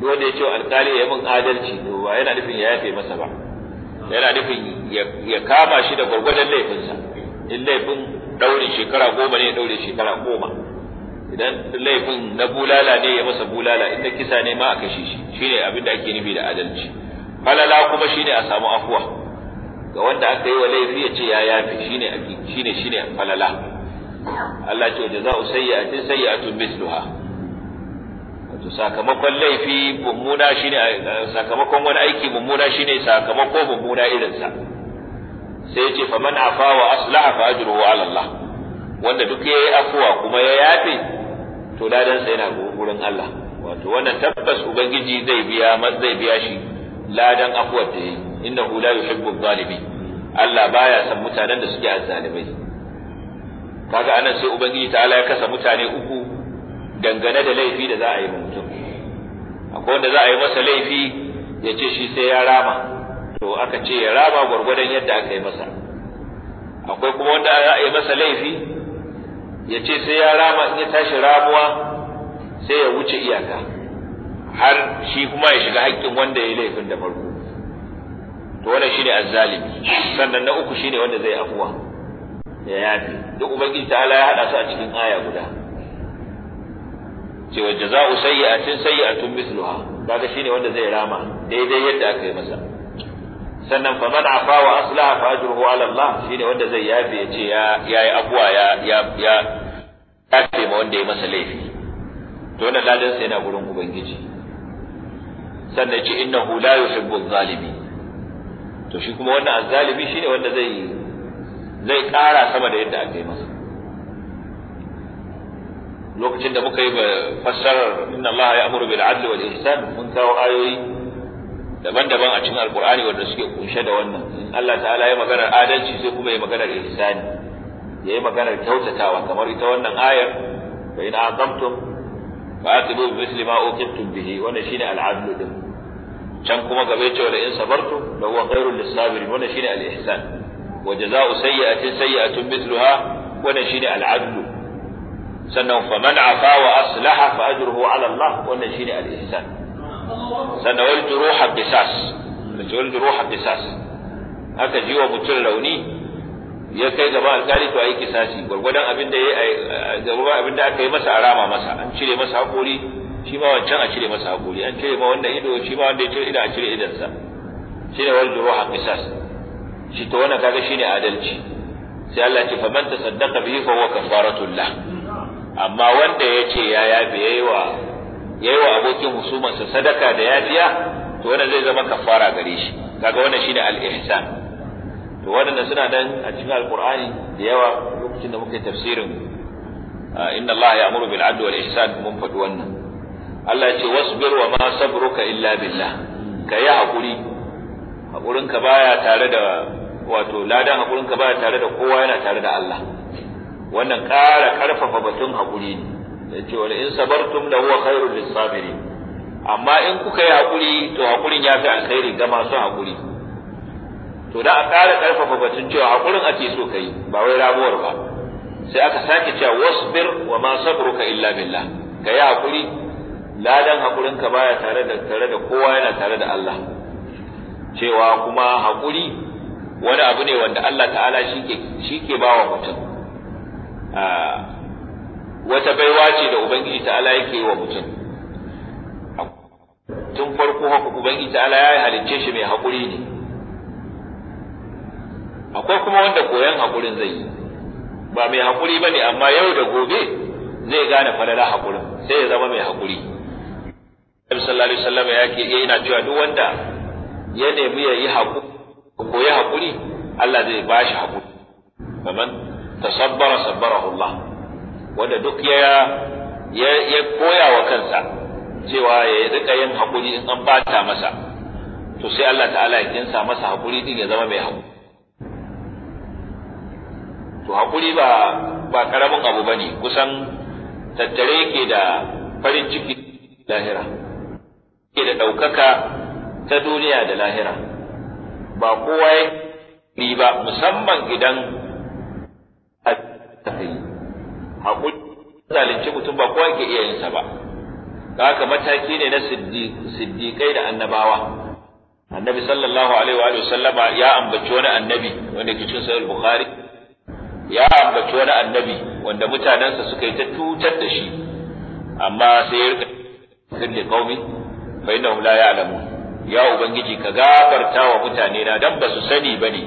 S1: dole ya ce alƙali ya yi mun adalci to ba yana nufin ya yafe masa ba yana nufin ya kama shi da gwargwadon laifinsa in laifin daurin shekara goma ne ya daure shekara goma idan laifin na bulala ne ya masa bulala in na kisa ne ma a kashe shi shine abin da ake nufi da adalci falala kuma shine a samu afuwa ga wanda aka yi wa laifi ya ce ya yafi shine shine shine falala Allah ce jaza'u sayyi'atin sayyi'atun misluha to sakamakon laifi mummuna shine sakamakon wani aiki mummuna shine sakamako mummuna irinsa sai ya ce man afa wa aslaha fa ajruhu ala Allah wanda duk yayi afuwa kuma ya yafe to ladan sa yana gurin Allah wato wannan tabbas ubangiji zai biya zai biya shi ladan afuwar da yayi innahu la yuhibbu zalimi Allah baya san mutanen da suke azzalimai kaga anan sai ubangiji ta'ala ya kasa mutane uku dangane da laifi da za a yi mutum akwai wanda za a yi masa laifi ya ce shi sai ya rama to aka ce ya rama gwargwadon yadda aka yi masa akwai kuma wanda za a yi masa laifi ya ce sai ya rama in ya tashi ramuwa sai ya wuce iyaka har shi kuma ya shiga haƙƙin wanda ya yi laifin da farko to wannan shine azzalimi sannan na uku shine wanda zai afuwa ya yafi duk ubangiji ta ya hada su a cikin aya guda cewa jaza'u sayyi'atin sayyi'atun mithluha kaga shine wanda zai rama daidai yadda aka yi masa sannan fa man afa wa aslaha fa ajruhu ala Allah shine wanda zai yafe ya ce ya yayi abuwa ya ya ya ce ma wanda ya masa laifi to wannan ladan sai yana gurin ubangiji sannan ce innahu la yuhibbu zalimi to shi kuma wannan azzalimi shine wanda zai zai ƙara sama da yadda aka yi masa lokacin da muka yi fassarar inna Allah allaha ya'muru bil adli wal ihsan mun kawo ayoyi daban-daban a cikin alqur'ani wanda suke kunshe da wannan in Allah ta'ala ya magana adalci sai kuma ya magana ihsani ya yi magana kyautatawa kamar ita wannan ayar fa in aqamtum fa aqimu bi misli ma uqimtum bihi wannan shine al-adl din can kuma gaba ya ce wala in sabartum la huwa khairul lis-sabirin wannan shine al-ihsan wa jazaa'u sayyi'atin sayyi'atun mithluha wannan shine al-adl sannan faman afa wa aslaha fa ajruhu ala Allah wannan shine al-ihsan
S2: sannan wal juruha bisas
S1: wal juruha bisas aka jiwa mutum rauni ya kai gaba alkali to ayi kisasi gurgurdan abin da yayi eh, gurgurdan abin da aka yi masa arama masa an cire masa hakuri shi ma wancan a cire masa hakuri an cire ma wannan ido shi ma wanda ya cire ido a cire idansa shine wal juruha bisas shi to wannan kaga shine adalci sai Allah ya ce faman tasaddaqa bihi fa huwa kafaratullah amma wanda ya ce ya yafe yayi wa wa abokin musumansa sadaka da ya biya to wannan zai zama kafara gare shi kaga wannan shine al-ihsan to wannan suna dan a cikin alqur'ani da yawa lokacin da muke tafsirin inna Allah ya'muru bil 'adli wal ihsan mun faɗi wannan Allah ya ce wasbir wa ma sabruka illa billah kayi hakuri hakurinka baya tare da wato ladan hakurinka baya tare da kowa yana tare da Allah wannan ƙara ƙarfafa batun haƙuri ne da ce wani in sabartum da huwa khairun lissafiri. amma in kuka yi haƙuri to haƙurin ya fi alkhairi ga masu haƙuri to da a ƙara ƙarfafa batun cewa haƙurin ake so ka yi ba wai rabuwar ba sai aka sake cewa wasbir wa ma sabruka illa billah ka yi haƙuri ladan ka baya tare da tare da kowa yana tare da Allah cewa kuma haƙuri wani abu ne wanda Allah ta'ala shi ke ba wa mutum wata baiwa ce da ubangiji ta'ala yake yi wa mutum tun farko haka ubangiji ta'ala ya halicce shi mai haƙuri ne akwai kuma wanda koyon haƙurin zai yi ba mai haƙuri ba ne amma yau da gobe zai gane falala haƙurin sai ya zama mai haƙuri Ibrahim sallallahu alaihi wasallam ya ke yana cewa duk wanda ya nemi ya yi haƙuri koyi haƙuri Allah zai ba shi haƙuri tasabbara sabbarahullah wanda duk ya ya koya wa kansa cewa ya rika yin hakuri in an bata masa to sai Allah ta'ala ya kinsa masa hakuri din ya zama mai hakuri to hakuri ba ba karamin abu bane kusan tattare yake da farin ciki lahira yake da daukaka ta duniya da lahira ba kowa ya ba musamman idan ta yi zalunci mutum ba kowa ke iya yinsa ba haka mataki ne na siddiƙai da annabawa annabi sallallahu alaihi wa sallama ya ambaci wani annabi wanda ke cikin sahih bukhari ya ambaci wani annabi wanda mutanensa suka yi ta tutar da shi amma sai ya rika sirri qaumi fa hum la ya'lamu ya ubangiji ka gafarta wa mutane na dan ba su sani bane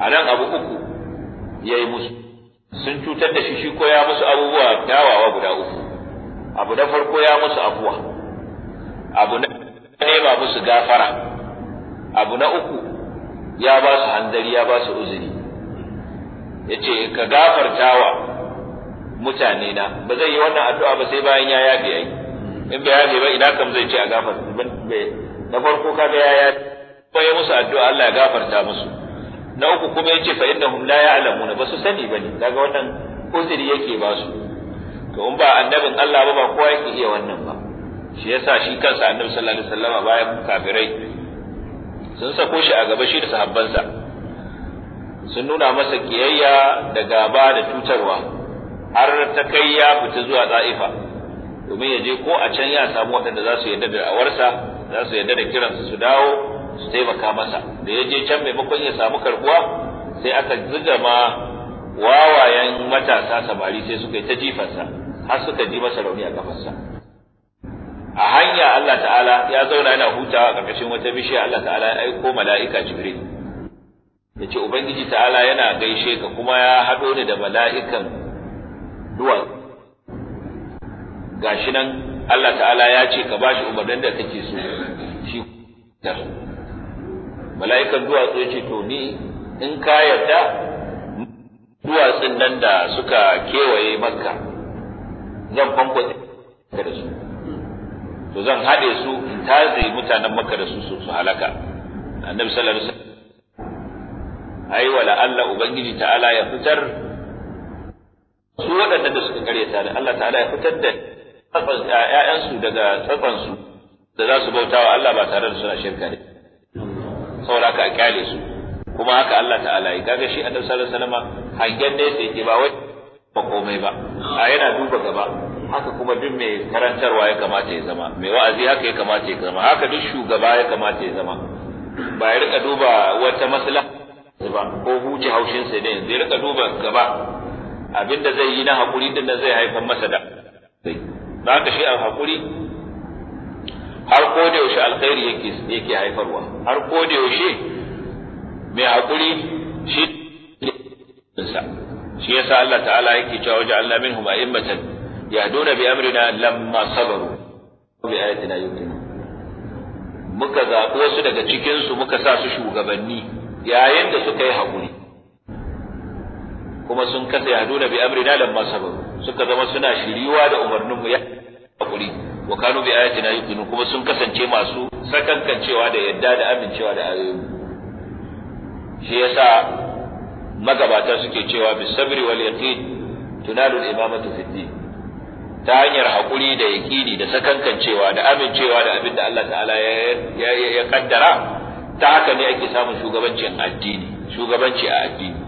S1: anan abu uku yayi musu sun cutar da shi shi ko ya musu abubuwa dawawa guda uku abu na farko ya musu abuwa abu na ba musu gafara abu na uku ya ba su hanzari ya ba su uzuri ya ce ka gafartawa mutane na ba zai yi wannan addu'a ba sai bayan ya yafe ai in bai yage ba ina kam zai ce a gafarta na farko kaga ya yafe ba ya musu addu'a Allah ya gafarta musu na uku kuma yace fa innahum la alamu ba su sani ba ne, kaga wannan uzuri yake ba su to in ba annabin Allah ba ba kowa yake iya wannan ba shi yasa shi kansa annabi sallallahu alaihi wasallama bayan kafirai sun sako shi a gaba shi da sahabbansa sun nuna masa kiyayya da gaba da tutarwa har ta kai ya fita zuwa za'ifa domin ya je ko a can ya samu waɗanda za su yarda da awarsa za su yarda da kiransa su dawo su taimaka masa da ya je can maimakon ya samu karbuwa sai aka zuga ma wawayen matasa samari sai suka yi ta jifarsa har suka ji masa rauni a kafarsa a hanya Allah ta'ala ya zauna yana hutawa a ƙarƙashin wata bishiya Allah ta'ala ya aiko mala'ika jibril ya ce ubangiji ta'ala yana gaishe ka kuma ya haɗo ni da mala'ikan duwatsu gashi nan Allah ta'ala ya ce ka bashi umarnin da kake so shi mala'ikan duwatsu ya ce to ni in ka yarda duwatsun nan da suka kewaye makka zan fankwatsi da su to zan haɗe su in taze mutanen makka da su su halaka annabi sallallahu alaihi wasallam ai wala Allah ubangiji ta'ala ya fitar su waɗannan da suka karyata da Allah ta'ala ya fitar da ‘ya'yansu daga tsafansu da za su bauta wa Allah ba tare da suna shirka ne. saboda ka kyale su kuma haka Allah ta'ala ya kaga shi annabi sallallahu alaihi wasallam hangen ne sai ba wai ba komai ba a yana duba gaba haka kuma duk mai karantarwa ya kamata ya zama mai wa'azi haka ya kamata ya zama haka duk shugaba ya kamata ya zama ba ya rika duba wata maslaha ba ko huce haushin sai ne zai rika duba gaba abinda zai yi na hakuri din da zai haifar masa da sai ba ka shi a hakuri har ko da yaushe alkhairi yake yake haifarwa har ko da yaushe mai hakuri shi sa shi yasa Allah ta'ala yake cewa waje Allah minhum a'immatan yahduna bi amrina lamma sabaru bi ayatina yuqinu muka zaɓi wasu daga cikin su muka sa su shugabanni yayin da suka yi hakuri kuma sun kasa yahduna bi amrina lamma sabaru suka zama suna shiriwa da umarninmu ya hakuri wa kanu bi ayatina yuqinu kuma sun kasance masu sakankancewa da yadda da amincewa da ayoyin shi yasa magabata suke cewa bi sabri wal yaqin tunalu al imamatu fi din ta hanyar hakuri da yaqini da sakankancewa da amincewa da abin da Allah ta'ala ya ya kaddara ta haka ne ake samun shugabancin addini shugabanci a addini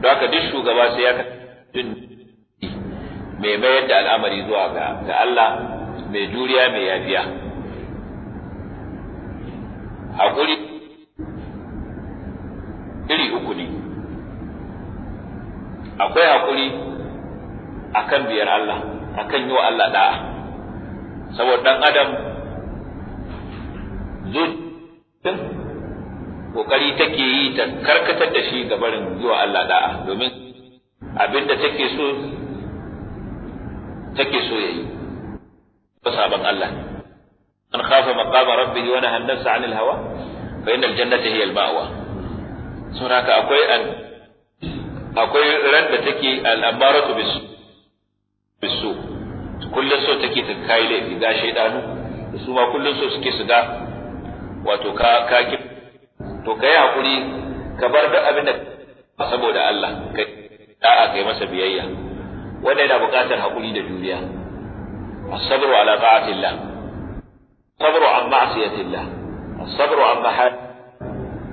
S1: don haka duk shugaba sai ya mai mayar da al'amari zuwa ga Allah mai juriya mai yafiya haƙuri iri uku ne akwai haƙuri akan biyar Allah akan yi wa Allah da'a saboda ɗan adam zuciyar ƙoƙari take yi ta karkatar da shi gabarin zuwa Allah da'a domin abinda take so take so ya yi saban Allah an khafa maqama rabbihi wa nahana nafsa 'anil hawa fa innal jannata hiya al-ma'wa saboda akwai an akwai ran da take al-amaratu bisu bisu kullun so take ta kai laifi ga shaydanu su ma kullun so suke su ga wato ka ka ki to kai hakuri ka bar da abin da saboda Allah kai da'a kai masa biyayya wanda yana buƙatar hakuri da juriya الصبر على طاعة الله الصبر عن معصية الله الصبر عن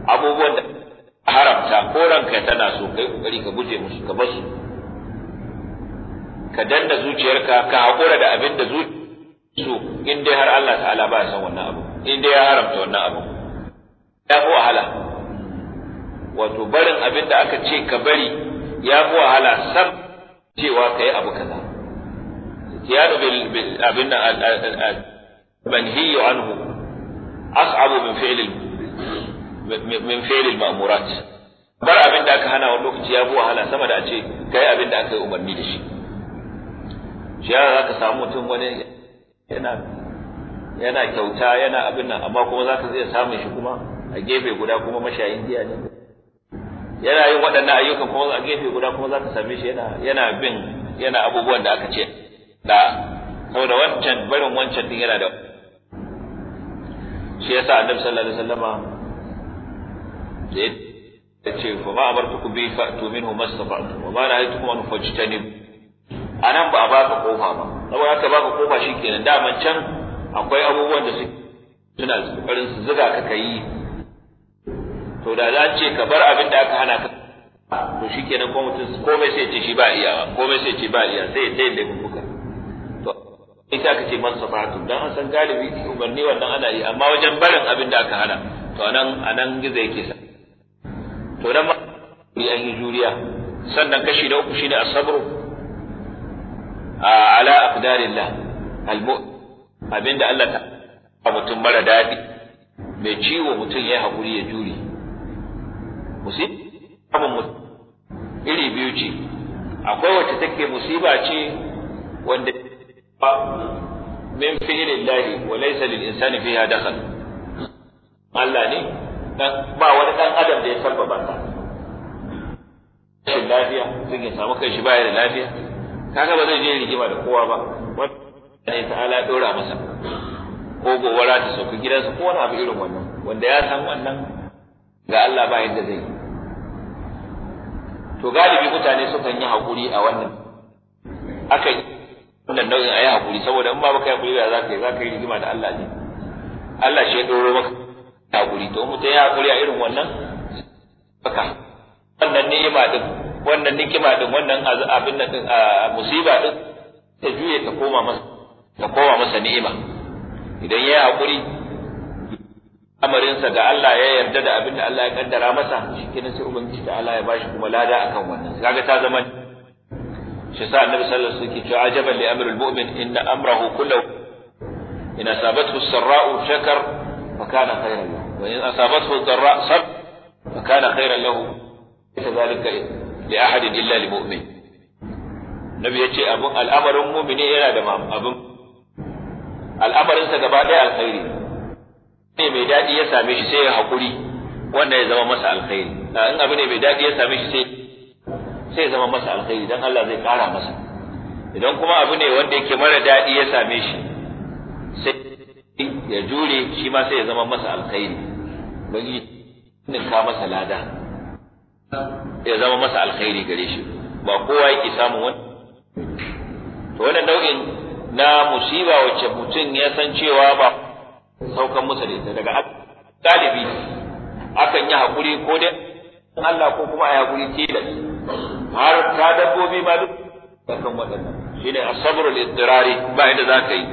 S1: abubuwan da haramta ko ranka tana so kai kokari ka guje musu ka basu ka danna zuciyarka ka haƙura da abin da so in dai har Allah ta'ala ba ya san wannan abu in dai ya haramta wannan abu ya fi wahala wato barin abin da aka ce ka bari ya fi wahala sam cewa ka yi abu kaza al bil abin manhiyu anhu as'abu min fi'l min fi'l al-ma'murat bar abin da aka hana wa lokaci ya fi wahala sama da a ce kai abin da aka yi umarni da shi shi yana za ka samu mutum wani yana yana kyauta yana abin nan amma kuma za ka iya samun shi kuma a gefe guda kuma mashayin giya ne yana yin waɗannan ayyukan kuma a gefe guda kuma za ka same shi yana yana bin yana abubuwan da aka ce da saboda wancan barin wancan din yana da shi yasa annabi sallallahu alaihi wasallam ya ce fa ma ku bi tu minhu mastata'tum wa ma kum an fujtani anan ba a baka kofa ba saboda haka baka kofa shikenan man can akwai abubuwan da suna kokarin su zuga ka kai to da za ce ka bar abin da aka hana ka to shikenan ko mutum komai sai ce shi ba iyawa komai sai ce ba iya sai ya tayar da kuka ita aka ce man safatun dan an san galibi umarni wannan ana yi amma wajen barin abin da aka hana to anan anan gizo yake sa to dan ma an yi juriya sannan kashi da uku shine as-sabr ala aqdarillah al-mu abinda Allah ta mutum mara dadi mai ciwo mutum ya hakuri ya jure mutum iri biyu ce akwai wacce take musiba ce wanda min fi'lillahi wa laysa lil insani fiha dakhal Allah ne ba wani dan adam da ya salba ta rashin lafiya sun ya samu kai shi ba da lafiya kaga ba zai je rigima da kowa ba wanda ne ta'ala dora masa ko gobara ta sauka gidansa ko wani abu irin wannan wanda ya san wannan ga Allah ba yadda zai to galibi mutane sukan yi hakuri a wannan akai wannan nau'in a yi hakuri saboda in ba baka hakuri ba za ka yi za ka yi rigima da Allah ne Allah shi ya doro maka hakuri to mutum ya hakuri a irin wannan baka wannan ni'ima din wannan nikima din wannan abin nan din musiba din ta juye ta koma masa ta koma masa ni'ima idan ya hakuri amarinsa ga Allah ya yarda da abin da Allah ya kaddara masa shi kenan sai ubangiji ta Allah ya bashi kuma lada akan wannan kaga ta zama shi sa annabi sallallahu alaihi wasallam cewa ajaban li amril mu'min inna amrahu kullahu in asabathu sarra'u shakar fa kana khayran lahu wa in asabathu dharra sab fa kana khayran lahu kadhalika li ahadin illa lil mu'min nabi yace abun al'amarin mu'mini yana da abun al'amarin sa gaba ɗaya alkhairi ne mai dadi ya same shi sai ya hakuri wannan ya zama masa alkhairi in abu ne mai dadi ya same shi sai sai zama masa alkhairi dan Allah zai kara masa idan kuma abu ne wanda yake mara dadi ya same shi sai ya jure shi ma sai ya zama masa alkhairi ubangiji ninka masa lada ya zama masa alkhairi gare shi ba kowa yake samun wani to wannan nau'in na musiba wacce mutum ya san cewa ba saukan musa ne daga galibi akan yi hakuri ko dai Allah ko kuma a yi hakuri tilas har ta dabbobi ma duk kan waɗannan shine asabru al-ittirari ba inda za ka yi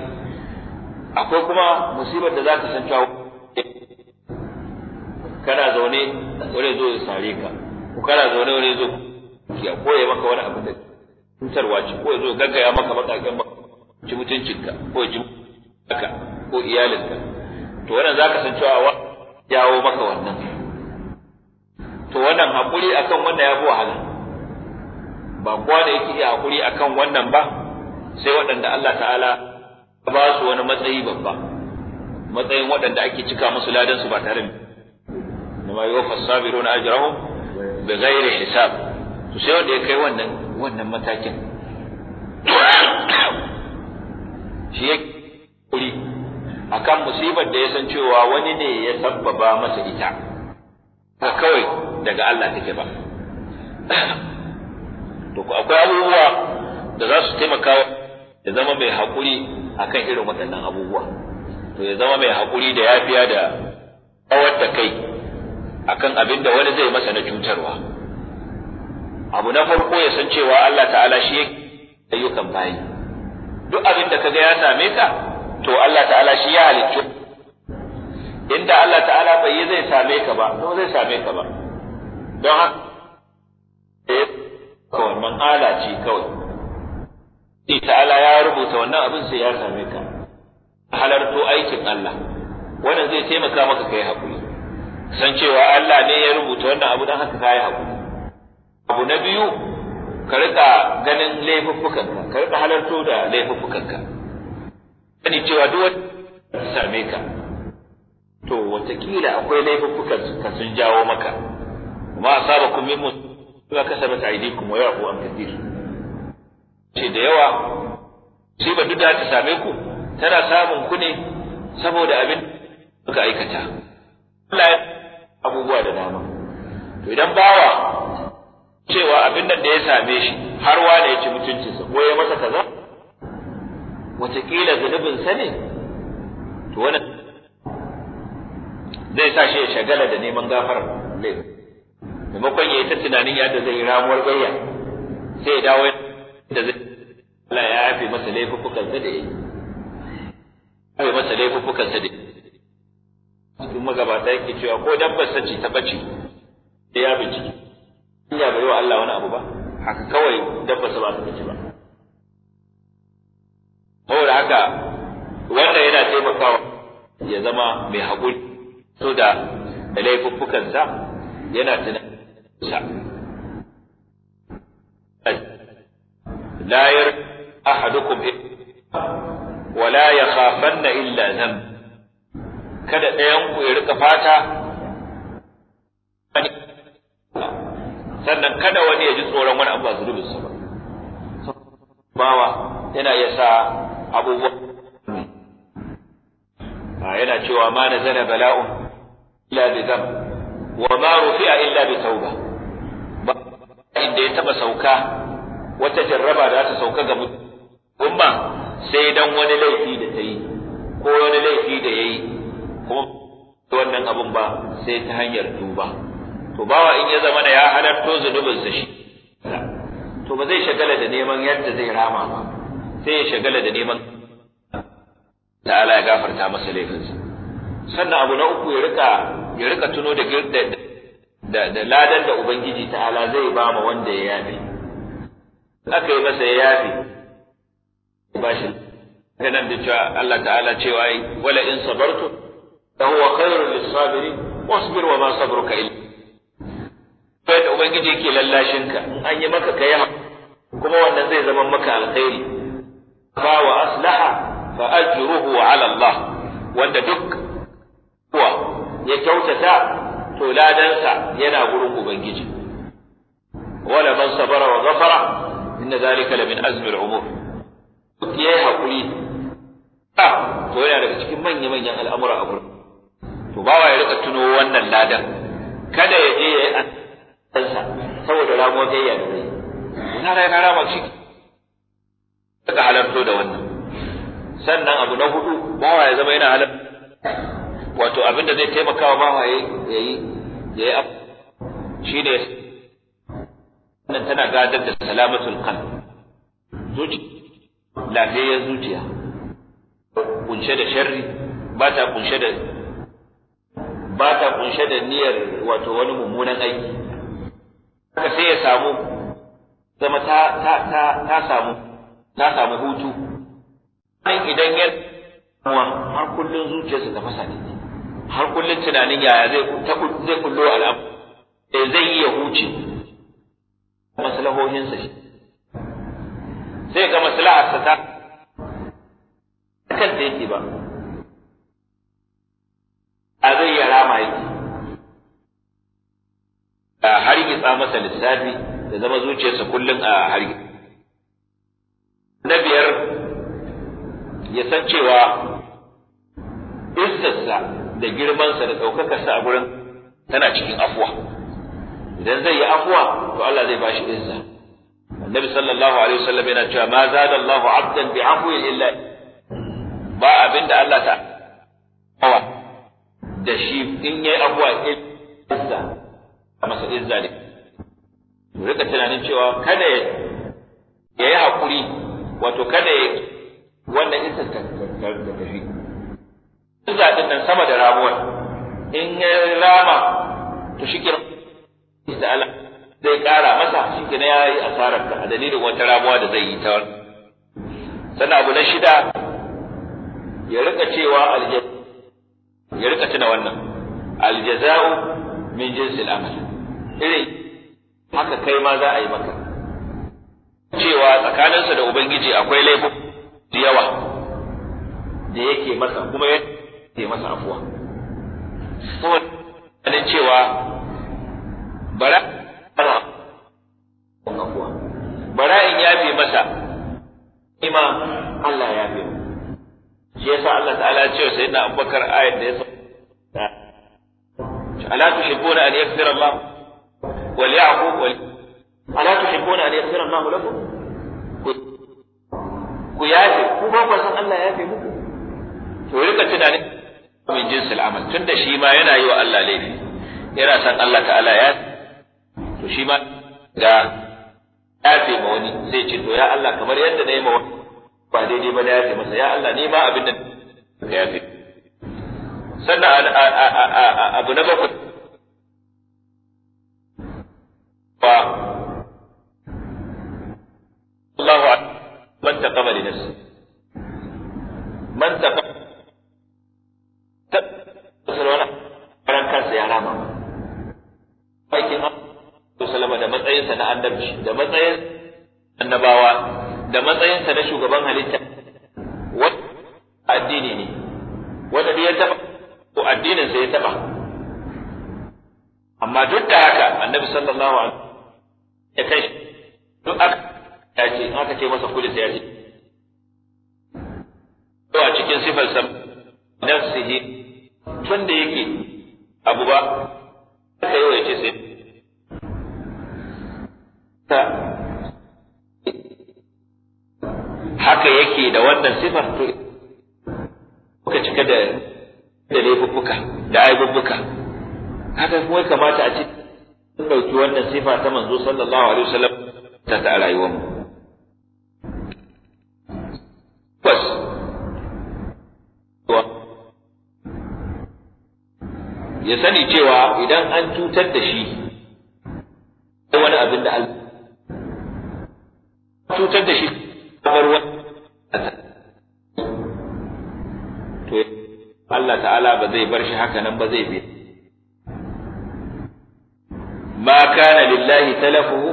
S1: akwai kuma musibar da za ka san cewa kana zaune wani zo ya sare ka ko kana zaune wani zo ya koya maka wani abu da cutarwa ce ko ya zo gaggaya maka matakan ba ci mutuncinka ko ji ka ko iyalinka to wannan zaka san cewa wa jawo maka wannan to wannan hakuri akan wannan ya fi wahala ba kowa da yake iya hakuri akan wannan ba sai waɗanda Allah ta'ala ba su wani matsayi babba matsayin waɗanda ake cika musu ladan su ba tare da ma yuwaffa sabirun ajrahum bi ghairi hisab to sai wanda ya kai wannan wannan matakin shi ya kuri akan musibar da ya san cewa wani ne ya sabbaba masa ita ba kawai daga Allah take ba to akwai abubuwa da za su taimaka ya zama mai haƙuri a kan irin waɗannan abubuwa to ya zama mai haƙuri da yafiya da kawar da kai a kan abin da wani zai masa na cutarwa abu na farko ya san cewa Allah ta'ala shi ya ayyukan bayi duk abin da kaga ya same ka to Allah ta'ala shi ya halicci inda Allah ta'ala bai yi zai same ka ba to zai same ka ba don haka eh, kawai man ala ce kawai sai ta'ala ya rubuta wannan abin sai ya same ka halarto aikin Allah wannan zai taimaka maka kai hakuri san cewa Allah ne ya rubuta wannan abu don haka kai hakuri abu na biyu ka rika ganin laifuffukanka ka rika halarto da laifuffukanka sani cewa duk wanda same ka to watakila akwai laifuffukan ka sun jawo maka ma asabakum min musu ba kasabat aydikum wa ya'fu an kathir ce da yawa sai ba duk da ta same ku tana samun ku ne saboda abin suka aikata Allah ya abubuwa da dama to idan bawa cewa abin nan da ya same shi har wani ya ci mutuncinsa ko ya masa kaza wataƙila sa ne to wannan zai sa shi ya shagala da neman gafarar laifin maimakon ya yi ta tunanin yadda zai yi ramuwar gayya sai ya dawo da zai Allah ya yafe masa laifukan sa da yi yafe masa laifukan sa da yi duk magabata yake cewa ko dabbar ce ta bace sai ya bincike ya bai wa Allah wani abu ba haka kawai dabbar sa ba ta bace ba saboda haka wannan yana taimakawa ya zama mai haƙuri so da laifukan sa yana tunanin لا ير wala ولا يخافن illa ذنب kada ɗayan ku ya rika fata sannan kada wani ya ji tsoron wani abu ba zunubin su ba bawa yana iya sa abubuwa yana cewa ma zana bala'un illa bi zan wa ma rufi'a illa bi tauba inda ya taba sauka wata jarraba da ta sauka ga umma sai dan wani laifi da ta yi ko wani laifi da ya yi kuma wannan abun ba sai ta hanyar duba to bawa in ya zama da ya halarto sa shi to ba zai shagala da neman yadda zai rama ba sai ya shagala da neman ta'ala ya gafarta masa laifinsa sannan abu na uku ya rika ya rika tuno da da ladan da ubangiji ta'ala zai ba ma wanda ya yafe aka yi masa ya yafe ba shi ganin da cewa Allah ta'ala cewa yi wala in sabartu fa huwa khairu lis-sabirin wasbir wa ma sabruka illa sai da ubangiji yake lallashin ka in an yi maka kai kuma wannan zai zama maka alkhairi fa wa aslaha fa ajruhu ala Allah wanda duk kuwa ya kyautata to ladansa yana gurin ubangiji wala man sabara wa ghafara inna zalika la min azmi al-umur yayi hakuri to yana daga cikin manya manyan al'amura a gurin to bawa ya rika tuno wannan ladan kada ya je yayi ansa saboda ramo zai ya dore ina rai na rama shi daga halarto da wannan sannan abu na hudu bawa ya zama yana halarta wato abin da zai taimaka wa bawa ya yi ya yi shi ne wannan tana gadar da salamatul qalb zuci lafiyayyar zuciya kunshe da sharri ba ta kunshe da ba ta kunshe da niyyar wato wani mummunan aiki haka sai ya samu zama ta ta ta ta samu ta samu hutu idan ya har kullun zuciyarsa ta fasa ne har kullun tunanin yaya zai zai kullo al'abu eh, zai yi ya huce maslahohinsa shi sai ga maslaharsa ta kan da yake ba a zai yi rama yake a hargitsa masa lissafi da zama zuciyarsa kullum a hargitsa na biyar ya san cewa istarsa da girmansa da ɗaukakarsa a gurin tana cikin afuwa idan zai yi afuwa to Allah zai bashi izza annabi sallallahu alaihi wasallam yana cewa ma zada Allahu abdan bi afwi illa ba abinda Allah ta awa da shi in yayi afuwa izza a masa izza ne rika tunanin cewa kada ya yi hakuri wato kada ya wannan izza ta tafi iza din nan sama da ramuwar in ya rama to shike da ala zai kara masa shike ya yayi asarar ka a dalilin wata ramuwa da zai yi ta sannan abu na shida ya rika cewa aljaza ya rika tuna wannan aljaza'u min jinsil amal irin haka kai ma za a yi maka cewa tsakaninsa da ubangiji akwai laifin da yawa da yake masa kuma ya ya masa afuwa saboda ganin cewa bara afuwa bara'in ya bi masa ima Allah ya bi shi sa Allah ta'ala ce wa na Abubakar ayat da ya sa ala tuhibbuna an yaghfira Allah wal ya'fu wal ala tuhibbuna an yaghfira Allah lakum ku yafe ku
S3: ba ku san Allah ya fi muku
S1: to rika tunanin min jinsil amal tunda shi ma yana yi wa Allah laifi yana san Allah ta'ala ya to shi ma ga yafe ma wani zai ce to ya Allah kamar yadda na yi ma wani ba daidai ba na yafe masa ya Allah ni ma abin da ka yafe sannan abu na bakwai wa Allahu man taqama li nafsi man taqama alama aikin sallama da matsayinsa na annabi da matsayin annabawa da matsayinsa na shugaban halitta wanda addini ne wanda ya taba ko addinin sa ya taba amma duk da haka annabi sallallahu alaihi wasallam ya kai duk aka ya ce aka ce masa kudi sai ya ce to a cikin sifar sa nafsihi tun da yake abu ba ka yi wace sai haka yake da wannan sifar to Kuka cika da da laifuffuka da aibubbuka
S3: haka kuma kamata a ci
S1: ɗauki wannan sifa ta manzo sallallahu alaihi wasallam ta ta rayuwarmu ya sani cewa idan an cutar da shi wani abin da Allah cutar da shi bar to Allah ta'ala ba zai bar shi haka nan ba zai bi ma kana lillahi talafuhu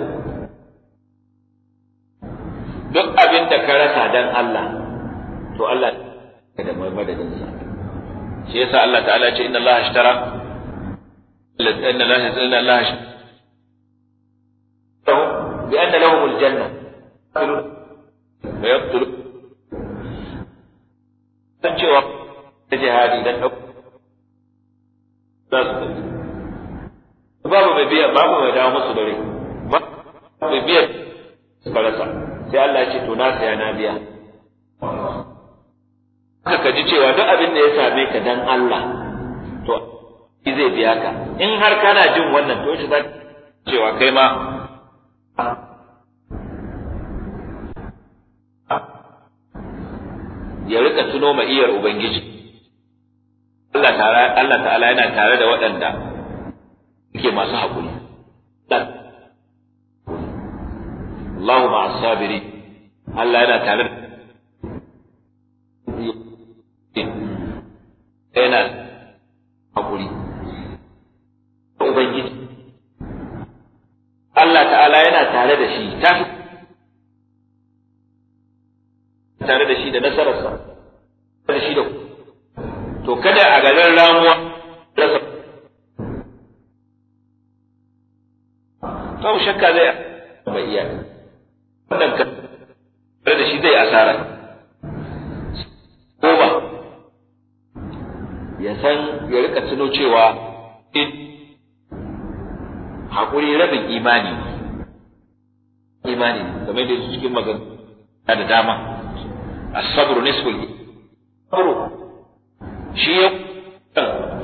S1: duk abin da ka rasa dan Allah to Allah da madadin sa shi yasa Allah ta'ala ce inna Allah ashtara ان الله الله بان لهم الجنه فيقتلون cewa jihadi dan babu mai biya babu mai dawo musu dare mai biya suka rasa sai Allah ya ce to na saya na biya
S2: haka ka ji cewa duk abin da ya same
S1: ka dan Allah to zai biya ka in har kana jin wannan to shi za cewa kai ma ya rika tuno ma iyar ubangiji Allah ta'ala Allah ta'ala yana tare da waɗanda yake masu haƙuri Allah ma'as sabiri Allah yana tare da yana tare da shi ta tare da shi da nasararsa da shi da to kada a garin ramuwa rasa babu shakka zai
S2: bai iya wannan ka tare da shi zai asara ko
S1: ba ya san ya rika tuno cewa hakuri rabin imani imani game da su cikin magana da dama as sabr nisful sabr shi ya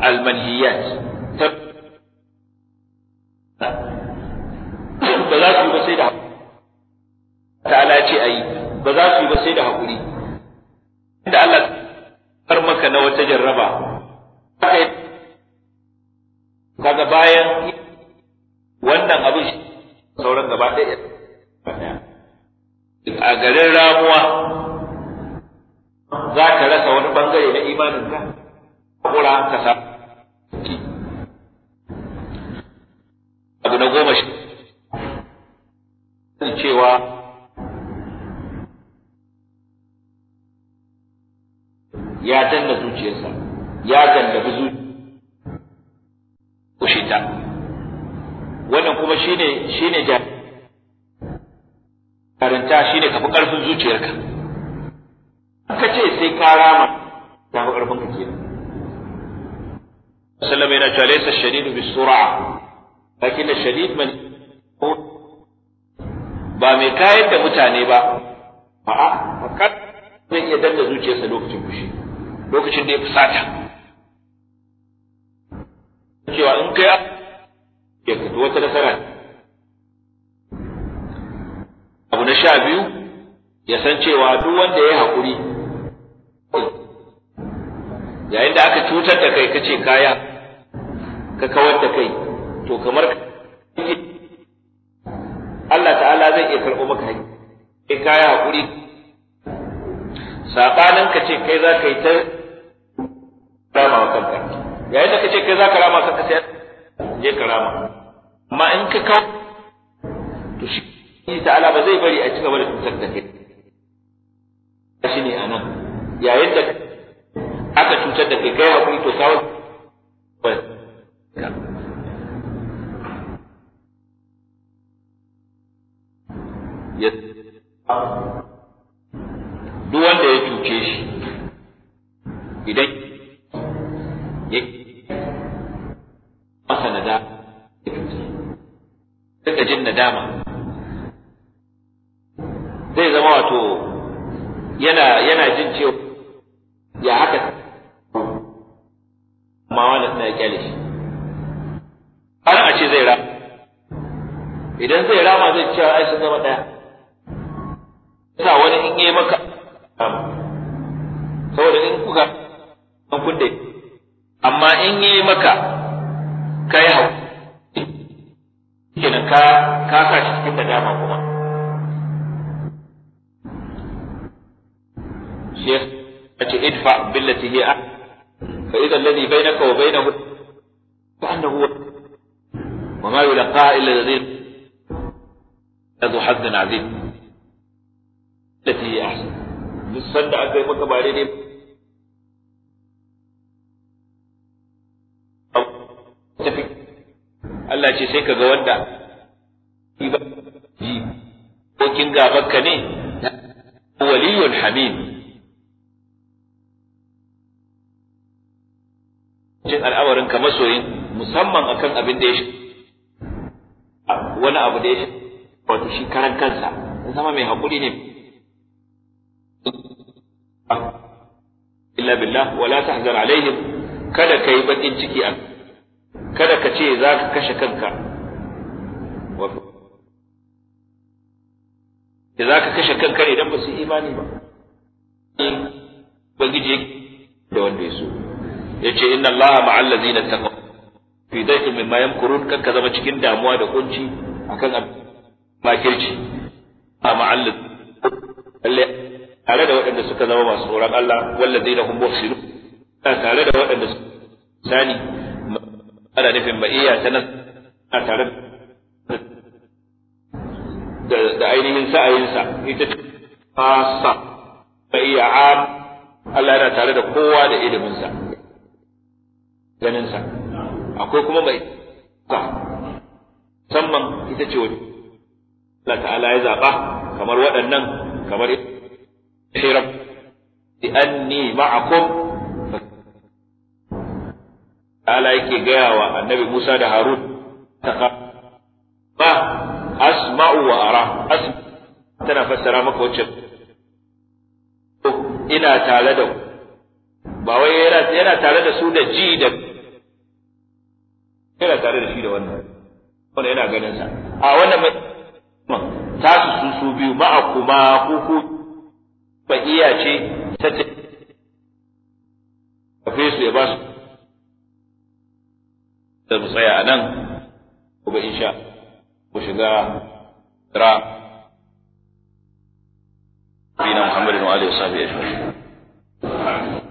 S1: al-manhiyat ba
S2: za su yi ba sai da
S1: ta'ala ce ayi ba za su ba sai da hakuri inda Allah karmaka na wata jarraba imanin ka kura ka sa abu na goma shi cewa ya danna zuciyarsa ya gallabi zuciyarsa wannan kuma shine shine jami'a karanta shi ne kafi ƙarfin zuciyarka ka ce sai ka rama ya fi ƙarfin ka kenan sallam yana cewa laysa shadidu bisur'a lakin shadid man ba mai kayar da mutane ba a fakat zai iya danna zuciyarsa lokacin fushi lokacin da ya fusata cewa in kai ya wata nasara abu na sha biyu ya san cewa duk wanda ya yi haƙuri yayin da aka cutar da kai kace kaya ka kawar da kai to kamar Allah ta'ala zai iya karɓo maka haƙƙi kai kaya hakuri sabanin ka ce kai za ka yi ta rama wa kanka yayin da ka ce kai za ka rama kanka sai je ka rama amma in ka kawo to shi ta'ala ba zai bari a ci gaba da cutar da kai shi ne anan yayin da aka cutar da kai kai hakuri to kawo duk wanda ya cuce shi idan ya masa nadama ya cuce duka jin nadama zai zama wato yana yana jin cewa ya haka amma wala suna kyale shi har a ce zai rama idan zai rama zai cewa ai sun zama daya yasa wani in yi maka saboda in kuka an kunde amma in yi maka kai hau kenan ka ka sa shi cikin dama kuma shi ya ce idfa billati hiya فإذا الذي بينك وبينه فأنه هو وما يلقى إلا الذين ذو حظ عظيم التي هي أحسن للصدع كيف تبارين Allah ce sai ka ga wanda ki ba ji ko kin gaba ka ne waliyul cin al'amarin ka masoyin musamman akan abin da ya shi wani abu da ya shi wato shi karan kansa zama mai haƙuri ne illa billah wala tahzan alaihim kada kai bakin ciki a kada ka ce za ka kashe kanka da za ka kashe kanka idan ba su imani ba ubangiji da wanda ya so yace inna allaha ma'al ladzina taqaw fi dayqin mimma yamkurun kan ka zama cikin damuwa da kunci akan makirci a ma'al lalle tare da waɗanda suka zama masu tsoron Allah walladzina hum muhsinun tare da waɗanda sani ana nufin ma'iyya ta nan tare da ainihin sa'ayinsa ita ce ta sa iya am Allah yana tare da kowa da iliminsa ganin sa akwai kuma mai ka musamman ita ce wani Allah ta'ala ya zaba kamar waɗannan kamar hiram bi anni ma'akum ta'ala yake gaya wa annabi Musa da Harun ba asma'u wa ara Asma'u tana fassara maka wacce ina tare da ba wai yana tare da su da ji da yana tare da shi da wannan wannan yana ganin sa a wannan mai ta su su su biyu ma'a kuma kuku ba iya ce ta ce kafe su ya ba su da mu tsaya a nan ba insha ku shiga ra بنا محمد وعلى اله